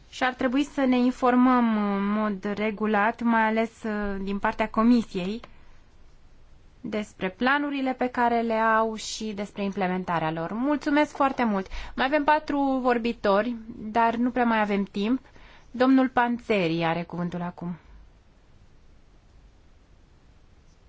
[SPEAKER 1] și ar trebui să ne informăm în mod regulat, mai ales uh, din partea Comisiei, despre planurile pe care le au și despre implementarea lor. Mulțumesc foarte mult! Mai avem patru vorbitori, dar nu prea mai avem timp. Domnul Panțeri are cuvântul acum.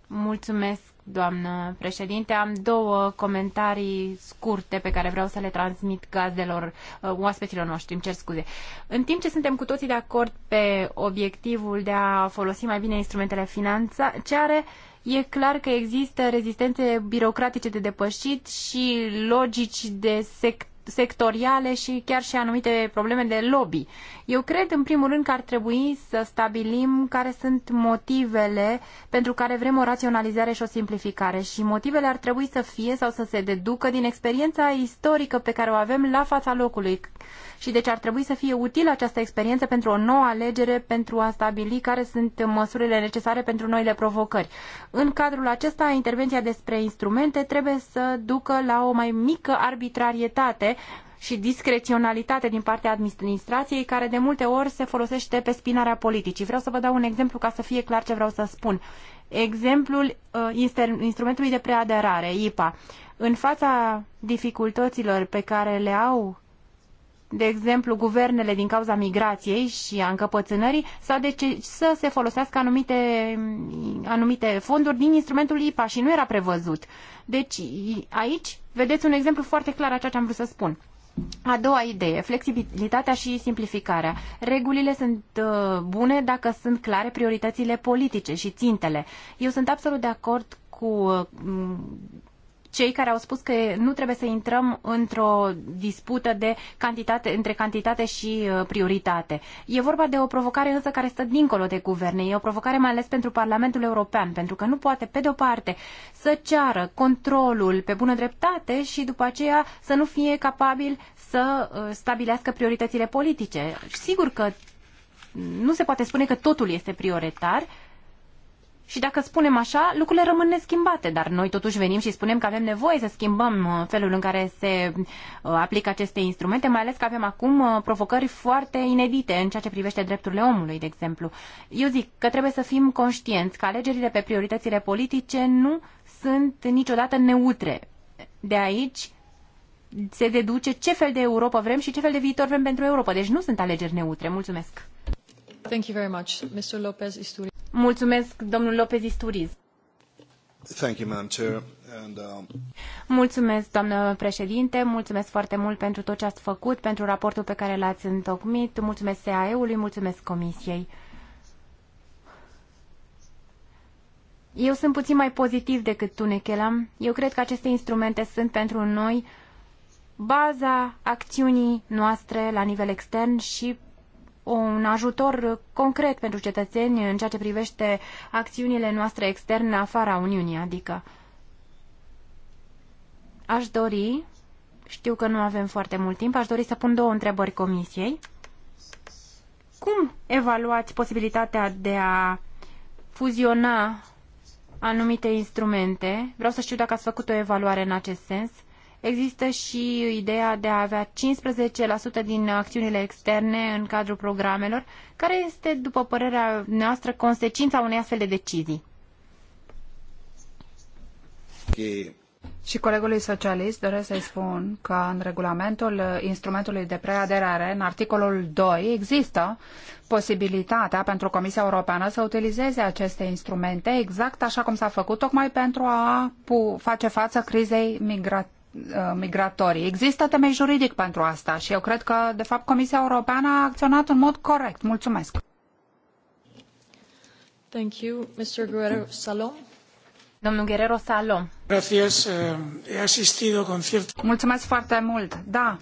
[SPEAKER 1] Mulțumesc, doamnă președinte. Am două comentarii scurte pe care vreau să le transmit gazdelor, uh, oaspeților noștri, îmi cer scuze. În timp ce suntem cu toții de acord pe obiectivul de a folosi mai bine instrumentele financiare, e clar că există rezistențe birocratice de depășit și logici de sector sectoriale și chiar și anumite probleme de lobby. Eu cred, în primul rând, că ar trebui să stabilim care sunt motivele pentru care vrem o raționalizare și o simplificare și motivele ar trebui să fie sau să se deducă din experiența istorică pe care o avem la fața locului și deci ar trebui să fie utilă această experiență pentru o nouă alegere pentru a stabili care sunt măsurile necesare pentru noile provocări. În cadrul acesta, intervenția despre instrumente trebuie să ducă la o mai mică arbitrarietate și discreționalitate din partea administrației, care de multe ori se folosește pe spinarea politicii. Vreau să vă dau un exemplu ca să fie clar ce vreau să spun. Exemplul uh, instrumentului de preaderare, IPA. În fața dificultăților pe care le au de exemplu, guvernele din cauza migrației și a încăpățânării s-a decis să se folosească anumite, anumite fonduri din instrumentul IPA și nu era prevăzut. Deci aici vedeți un exemplu foarte clar a ceea ce am vrut să spun. A doua idee, flexibilitatea și simplificarea. Regulile sunt uh, bune dacă sunt clare prioritățile politice și țintele. Eu sunt absolut de acord cu uh, cei care au spus că nu trebuie să intrăm într-o dispută de cantitate, între cantitate și uh, prioritate. E vorba de o provocare însă care stă dincolo de guverne. E o provocare mai ales pentru Parlamentul European, pentru că nu poate, pe de-o parte, să ceară controlul pe bună dreptate și după aceea să nu fie capabil să uh, stabilească prioritățile politice. Sigur că nu se poate spune că totul este prioritar, și dacă spunem așa, lucrurile rămân neschimbate, dar noi totuși venim și spunem că avem nevoie să schimbăm uh, felul în care se uh, aplică aceste instrumente, mai ales că avem acum uh, provocări foarte inedite în ceea ce privește drepturile omului, de exemplu. Eu zic că trebuie să fim conștienți că alegerile pe prioritățile politice nu sunt niciodată neutre. De aici se deduce ce fel de Europa vrem și ce fel de viitor vrem pentru Europa. Deci nu sunt alegeri neutre. Mulțumesc! Thank you very much. Mr. Lopez Mulțumesc, domnul uh, Mulțumesc, președinte, mulțumesc foarte mult pentru tot ce ați făcut, pentru raportul pe care l-ați întocmit, mulțumesc seae ului mulțumesc Comisiei. Eu sunt puțin mai pozitiv decât tu, Nechelam. Eu cred că aceste instrumente sunt pentru noi baza acțiunii noastre la nivel extern și un ajutor concret pentru cetățeni în ceea ce privește acțiunile noastre externe afara Uniunii, adică aș dori, știu că nu avem foarte mult timp, aș dori să pun două întrebări comisiei. Cum evaluați posibilitatea de a fuziona anumite instrumente? Vreau să știu dacă ați făcut o evaluare în acest sens. Există și ideea de a avea 15% din acțiunile externe în cadrul programelor, care este, după părerea noastră, consecința unei astfel de decizii.
[SPEAKER 2] Okay.
[SPEAKER 3] Și colegului socialist doresc să-i spun că în regulamentul instrumentului de preaderare, în articolul 2, există posibilitatea pentru Comisia Europeană să utilizeze aceste instrumente exact așa cum s-a făcut, tocmai pentru a face față crizei migratorii Uh, migratorii. Există temei juridic pentru asta și eu cred că, de fapt, Comisia Europeană a acționat în mod corect. Mulțumesc!
[SPEAKER 1] Thank you, Mr. Guerrero Salom. Domnul Guerrero Salom.
[SPEAKER 3] Gracias. Eh, he asistido con cierto... Mulțumesc foarte mult. Da,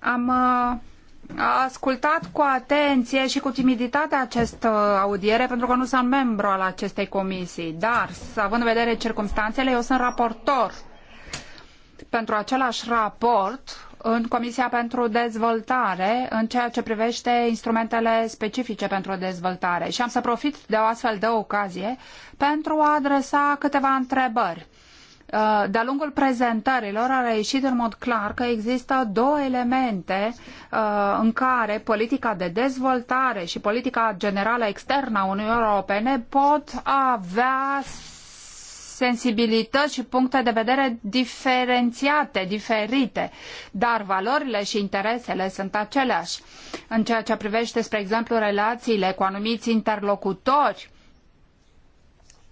[SPEAKER 3] am uh, ascultat cu atenție și cu timiditate această uh, audiere pentru că nu sunt membru al acestei comisii, dar având în vedere circumstanțele, eu sunt raportor pentru același raport în Comisia pentru Dezvoltare în ceea ce privește instrumentele specifice pentru dezvoltare și am să profit de o astfel de ocazie pentru a adresa câteva întrebări. Uh, de-a lungul prezentărilor a reieșit în mod clar că există două elemente uh, în care politica de dezvoltare și politica generală externă a Uniunii Europene pot avea sensibilități și puncte de vedere diferențiate, diferite, dar valorile și interesele sunt aceleași. În ceea ce privește, spre exemplu, relațiile cu anumiți interlocutori,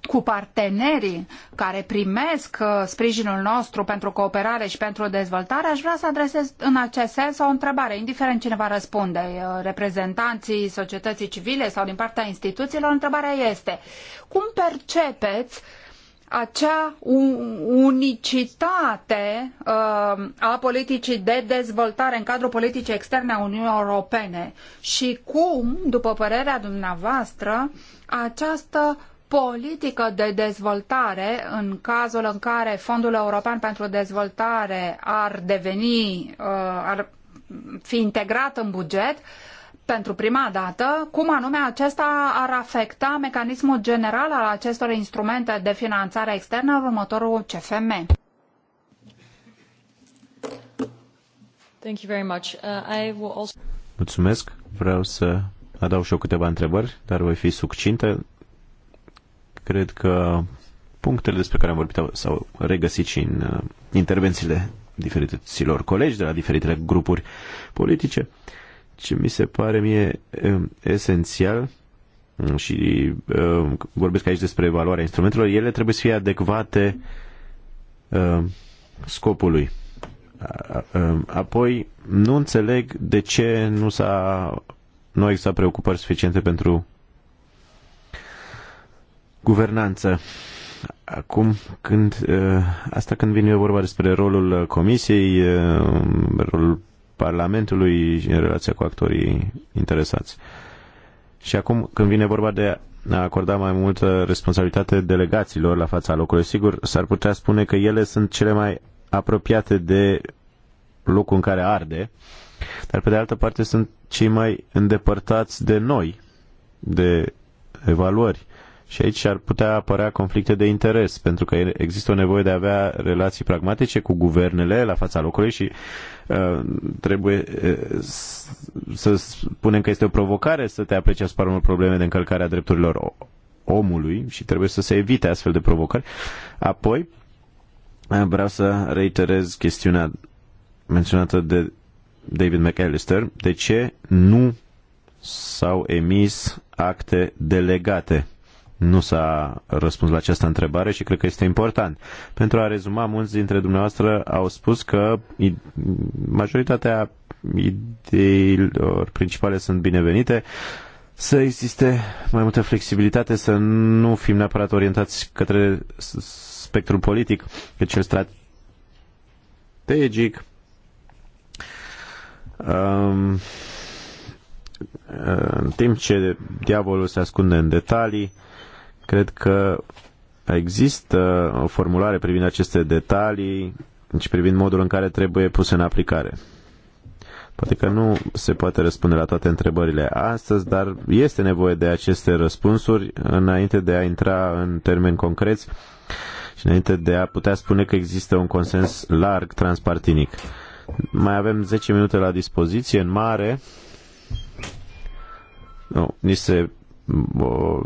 [SPEAKER 3] cu partenerii care primesc uh, sprijinul nostru pentru cooperare și pentru dezvoltare, aș vrea să adresez în acest sens o întrebare, indiferent cine va răspunde, uh, reprezentanții societății civile sau din partea instituțiilor, întrebarea este cum percepeți acea unicitate uh, a politicii de dezvoltare în cadrul politicii externe a Uniunii Europene și cum, după părerea dumneavoastră, această politică de dezvoltare, în cazul în care Fondul European pentru Dezvoltare ar deveni, uh, ar fi integrat în buget, pentru prima dată cum anume acesta ar afecta mecanismul general al acestor instrumente de finanțare externă în următorul CFM. Thank you very much. Uh, I will also...
[SPEAKER 2] Mulțumesc. Vreau să adaug și eu câteva întrebări, dar voi fi succinte. Cred că punctele despre care am vorbit s-au regăsit și în uh, intervențiile diferiților colegi de la diferitele grupuri politice. Uh, ce mi se pare mie um, esențial um, și um, vorbesc aici despre valoarea instrumentelor, ele trebuie să fie adecvate scopului. Apoi, nu înțeleg de ce nu s-a nu există preocupări suficiente pentru guvernanță. Acum, când, uh, asta când vine vorba despre rolul uh, comisiei, uh, rolul Parlamentului în relația cu actorii interesați. Și acum, când vine vorba de a acorda mai multă responsabilitate delegațiilor la fața locului, sigur, s-ar putea spune că ele sunt cele mai apropiate de locul în care arde, dar pe de altă parte sunt cei mai îndepărtați de noi, de evaluări. Și aici ar putea apărea conflicte de interes, pentru că există o nevoie de a avea relații pragmatice cu guvernele la fața locului și uh, trebuie uh, să spunem că este o provocare să te aplici asupra unor probleme de încălcare a drepturilor omului și trebuie să se evite astfel de provocări. Apoi, uh, vreau să reiterez chestiunea menționată de David McAllister, de ce nu s-au emis acte delegate nu s-a răspuns la această întrebare și cred că este important. Pentru a rezuma, mulți dintre dumneavoastră au spus că majoritatea ideilor principale sunt binevenite, să existe mai multă flexibilitate, să nu fim neapărat orientați către spectrul politic, către cel strategic. Um, în timp ce diavolul se ascunde în detalii, Cred că există o formulare privind aceste detalii și privind modul în care trebuie puse în aplicare. Poate că nu se poate răspunde la toate întrebările astăzi, dar este nevoie de aceste răspunsuri înainte de a intra în termeni concreți și înainte de a putea spune că există un consens larg transpartinic. Mai avem 10 minute la dispoziție, în mare. Nu, ni se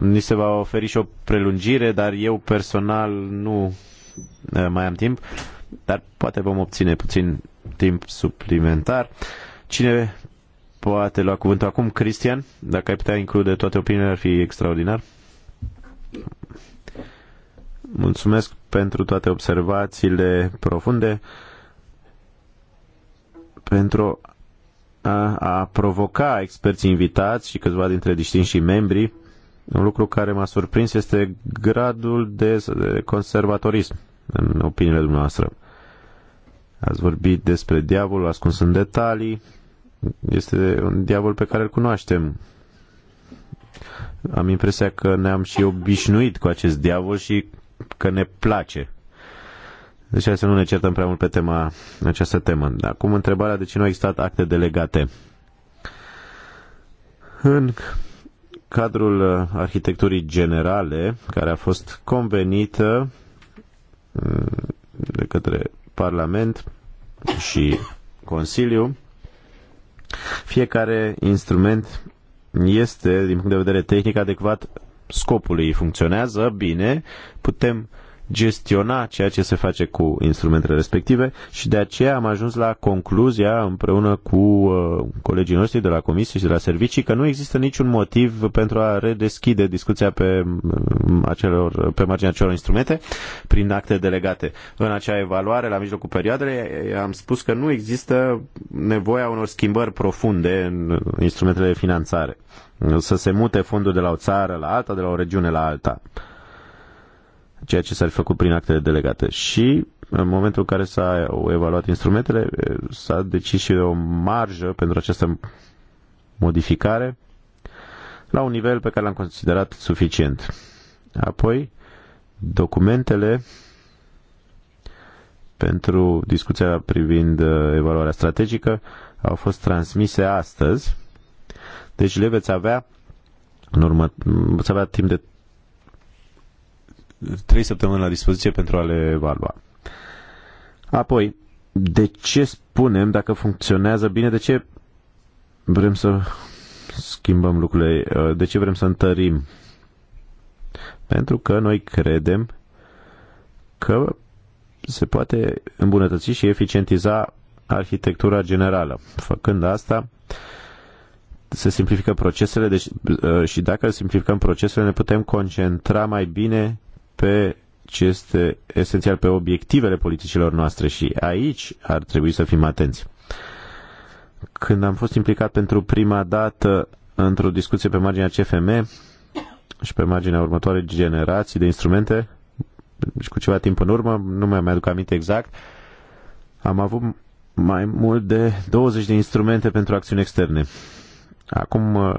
[SPEAKER 2] ni se va oferi și o prelungire, dar eu personal nu mai am timp, dar poate vom obține puțin timp suplimentar. Cine poate lua cuvântul acum? Cristian, dacă ai putea include toate opiniile, ar fi extraordinar. Mulțumesc pentru toate observațiile profunde, pentru a provoca experții invitați și câțiva dintre distinși membri. Un lucru care m-a surprins este gradul de conservatorism în opiniile dumneavoastră. Ați vorbit despre diavolul ascuns în detalii. Este un diavol pe care îl cunoaștem. Am impresia că ne-am și obișnuit cu acest diavol și că ne place. Deci hai să nu ne certăm prea mult pe tema, această temă. Acum întrebarea de ce nu au existat acte delegate. În cadrul uh, arhitecturii generale, care a fost convenită mm, de către Parlament și Consiliu, fiecare instrument este, din punct de vedere tehnic, adecvat scopului. Funcționează bine, putem gestiona ceea ce se face cu instrumentele respective și de aceea am ajuns la concluzia împreună cu uh, colegii noștri de la comisie și de la servicii că nu există niciun motiv pentru a redeschide discuția pe, mm, acelor, pe marginea acelor instrumente prin acte delegate. În acea evaluare, la mijlocul perioadei am spus că nu există nevoia unor schimbări profunde în instrumentele de finanțare. Să se mute fondul de la o țară la alta, de la o regiune la alta ceea ce s-ar fi făcut prin actele delegate. Și în momentul în care s au evaluat instrumentele, s-a decis și o marjă pentru această modificare la un nivel pe care l-am considerat suficient. Apoi, documentele pentru discuția privind uh, evaluarea strategică au fost transmise astăzi, deci le veți avea în urmă, veți avea timp de trei săptămâni la dispoziție pentru a le evalua. Apoi, de ce spunem dacă funcționează bine, de ce vrem să schimbăm lucrurile, uh, de ce vrem să întărim? Pentru că noi credem că se poate îmbunătăți și eficientiza arhitectura generală. Făcând asta, se simplifică procesele deci, uh, și dacă simplificăm procesele ne putem concentra mai bine pe ce este esențial pe obiectivele politicilor noastre și aici ar trebui să fim atenți. Când am fost implicat pentru prima dată într-o discuție pe marginea CFM și pe marginea următoarei generații de instrumente, și deci cu ceva timp în urmă, nu mai aduc aminte exact, am avut mai mult de 20 de instrumente pentru acțiuni externe. Acum uh,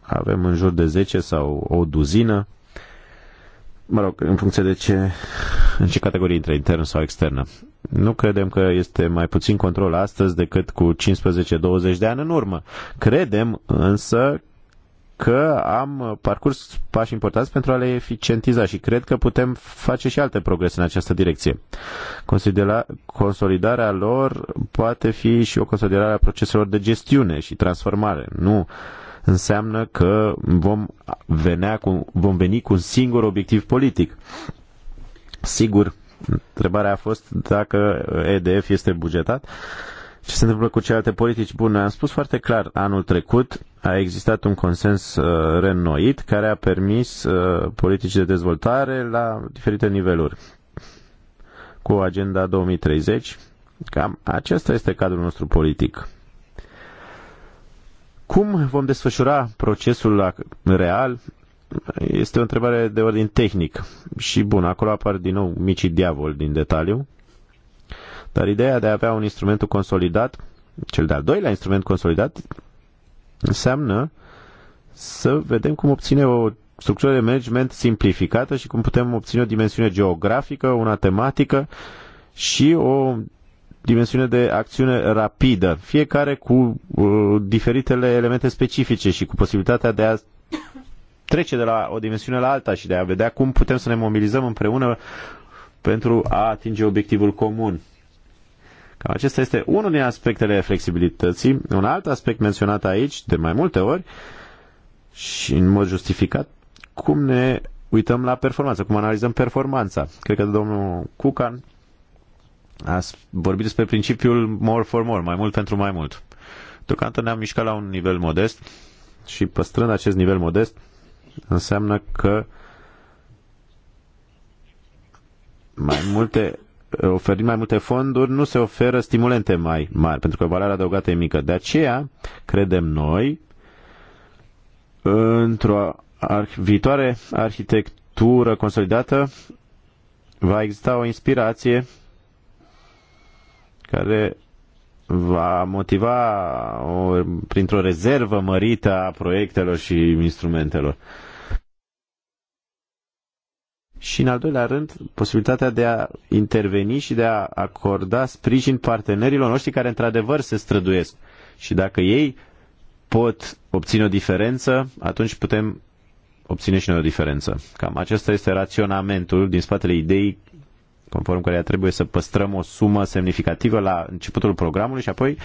[SPEAKER 2] avem în jur de 10 sau o duzină mă rog, în funcție de ce, în ce categorie intră, internă sau externă. Nu credem că este mai puțin control astăzi decât cu 15-20 de ani în urmă. Credem însă că am parcurs pași importanți pentru a le eficientiza și cred că putem face și alte progrese în această direcție. Considera, consolidarea lor poate fi și o consolidare a proceselor de gestiune și transformare, nu uh, înseamnă că vom, venea cu, vom veni cu un singur obiectiv politic. Sigur, întrebarea a fost dacă EDF este bugetat. Ce se întâmplă cu celelalte politici bun. Am spus foarte clar, anul trecut a existat un consens uh, renoit care a permis uh, politici de dezvoltare la diferite niveluri. Cu agenda 2030, cam acesta este cadrul nostru politic. Cum vom desfășura procesul real este o întrebare de ordin tehnic. Și bun, acolo apar din nou micii diavol din detaliu. Dar ideea de a avea un instrument consolidat, cel de-al doilea instrument consolidat, înseamnă să vedem cum obține o structură de management simplificată și cum putem obține o dimensiune geografică, una tematică și o dimensiune de acțiune rapidă, fiecare cu uh, diferitele elemente specifice și cu posibilitatea de a trece de la o dimensiune la alta și de a vedea cum putem să ne mobilizăm împreună pentru a atinge obiectivul comun. Cam acesta este unul din aspectele flexibilității. Un alt aspect menționat aici de mai multe ori și în mod justificat, cum ne uităm la performanță, cum analizăm performanța. Cred că domnul Cucan Ați vorbit despre principiul more for more, mai mult pentru mai mult. Deocamdată ne-am mișcat la un nivel modest și păstrând acest nivel modest înseamnă că mai multe oferind mai multe fonduri, nu se oferă stimulente mai mari, pentru că valoarea adăugată e mică. De aceea, credem noi, într-o ar- viitoare arhitectură consolidată, va exista o inspirație care va motiva o, printr-o rezervă mărită a proiectelor și instrumentelor. Și în al doilea rând, posibilitatea de a interveni și de a acorda sprijin partenerilor noștri care într-adevăr se străduiesc. Și dacă ei pot obține o diferență, atunci putem obține și noi o diferență. Cam acesta este raționamentul din spatele ideii conform care trebuie să păstrăm o sumă semnificativă la începutul programului și apoi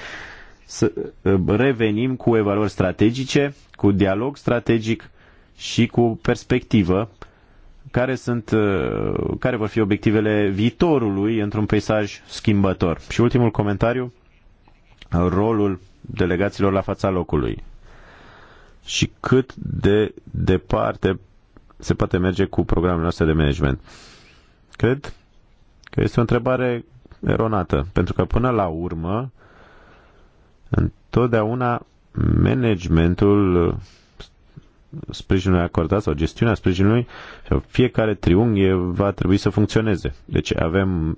[SPEAKER 2] să uh, revenim cu evaluări strategice, cu dialog strategic și cu perspectivă care, sunt, uh, care vor fi obiectivele viitorului într-un peisaj schimbător. Și ultimul comentariu, rolul delegaților la fața locului și cât de departe se poate merge cu programele noastre de management. Cred că este o întrebare eronată, pentru că până la urmă, întotdeauna managementul sprijinului acordat sau gestiunea sprijinului, fiecare triunghi va trebui să funcționeze. Deci avem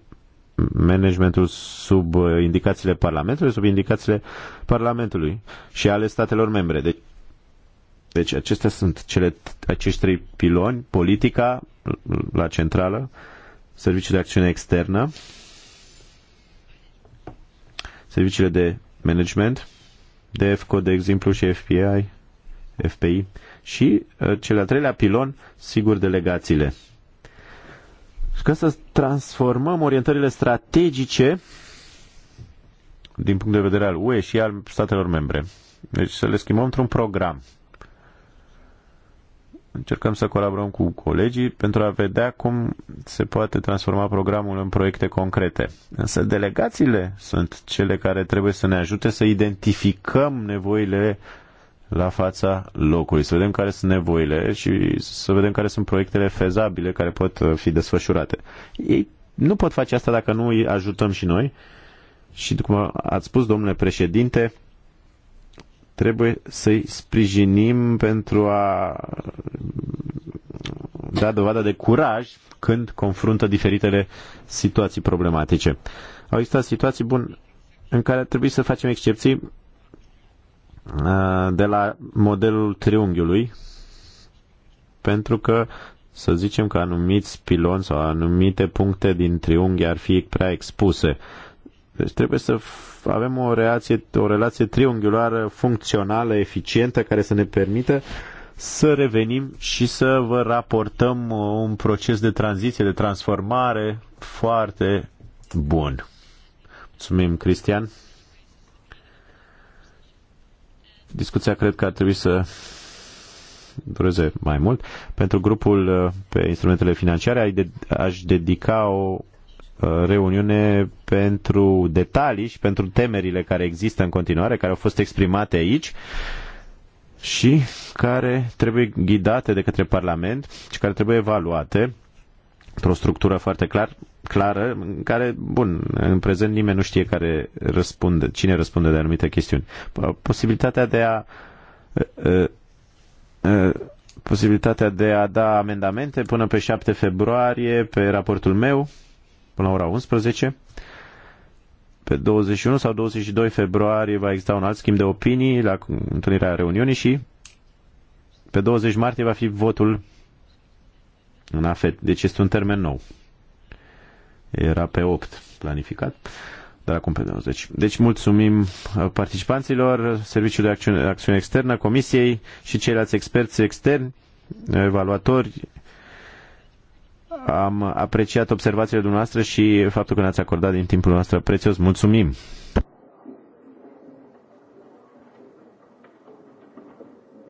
[SPEAKER 2] managementul sub indicațiile Parlamentului, sub indicațiile Parlamentului și ale statelor membre. Deci, deci acestea sunt cele, acești trei piloni, politica la centrală, uh, Serviciul de acțiune externă, serviciile de management, DEFCO, de exemplu, și FPI, FPI și uh, cel al treilea pilon, sigur, delegațiile. Și ca să transformăm orientările strategice din punct de vedere al UE și al statelor membre. Deci să le schimbăm într-un program Încercăm să colaborăm cu colegii pentru a vedea cum se poate transforma programul în proiecte concrete. Însă delegațiile sunt cele care trebuie să ne ajute să identificăm nevoile la fața locului, să vedem care sunt nevoile și să vedem care sunt proiectele fezabile care pot uh, fi desfășurate. Ei nu pot face asta dacă nu îi ajutăm și noi. Și cum ați spus, domnule președinte, trebuie să-i sprijinim pentru a da dovada de curaj când confruntă diferitele situații problematice. Au existat situații bune în care trebuie să facem excepții uh, de la modelul triunghiului, pentru că să zicem că anumiți piloni sau anumite puncte din triunghi ar fi prea expuse deci trebuie să avem o relație, o relație triunghiulară funcțională, eficientă, care să ne permită să revenim și să vă raportăm uh, un proces de tranziție, de transformare foarte bun. Mulțumim, Cristian. Discuția cred că ar trebui să dureze mai mult. Pentru grupul uh, pe instrumentele financiare aș dedica o Uh, reuniune pentru detalii și pentru temerile care există în continuare, care au fost exprimate aici și care trebuie ghidate de către Parlament și care trebuie evaluate într-o structură foarte clar, clară, în care, bun, în prezent nimeni nu știe care răspunde, cine răspunde de anumite chestiuni. Posibilitatea de a uh, uh, posibilitatea de a da amendamente până pe 7 februarie pe raportul meu până la ora 11. Pe 21 sau 22 februarie va exista un alt schimb de opinii la întâlnirea reuniunii și pe 20 martie va fi votul în AFET. Deci este un termen nou. Era pe 8 planificat, dar acum pe 20. Deci mulțumim uh, participanților, Serviciul de Acțiune, Acțiune Externă, Comisiei și ceilalți experți externi, evaluatori, am apreciat observațiile dumneavoastră și faptul că ne-ați acordat din timpul nostru prețios. Mulțumim!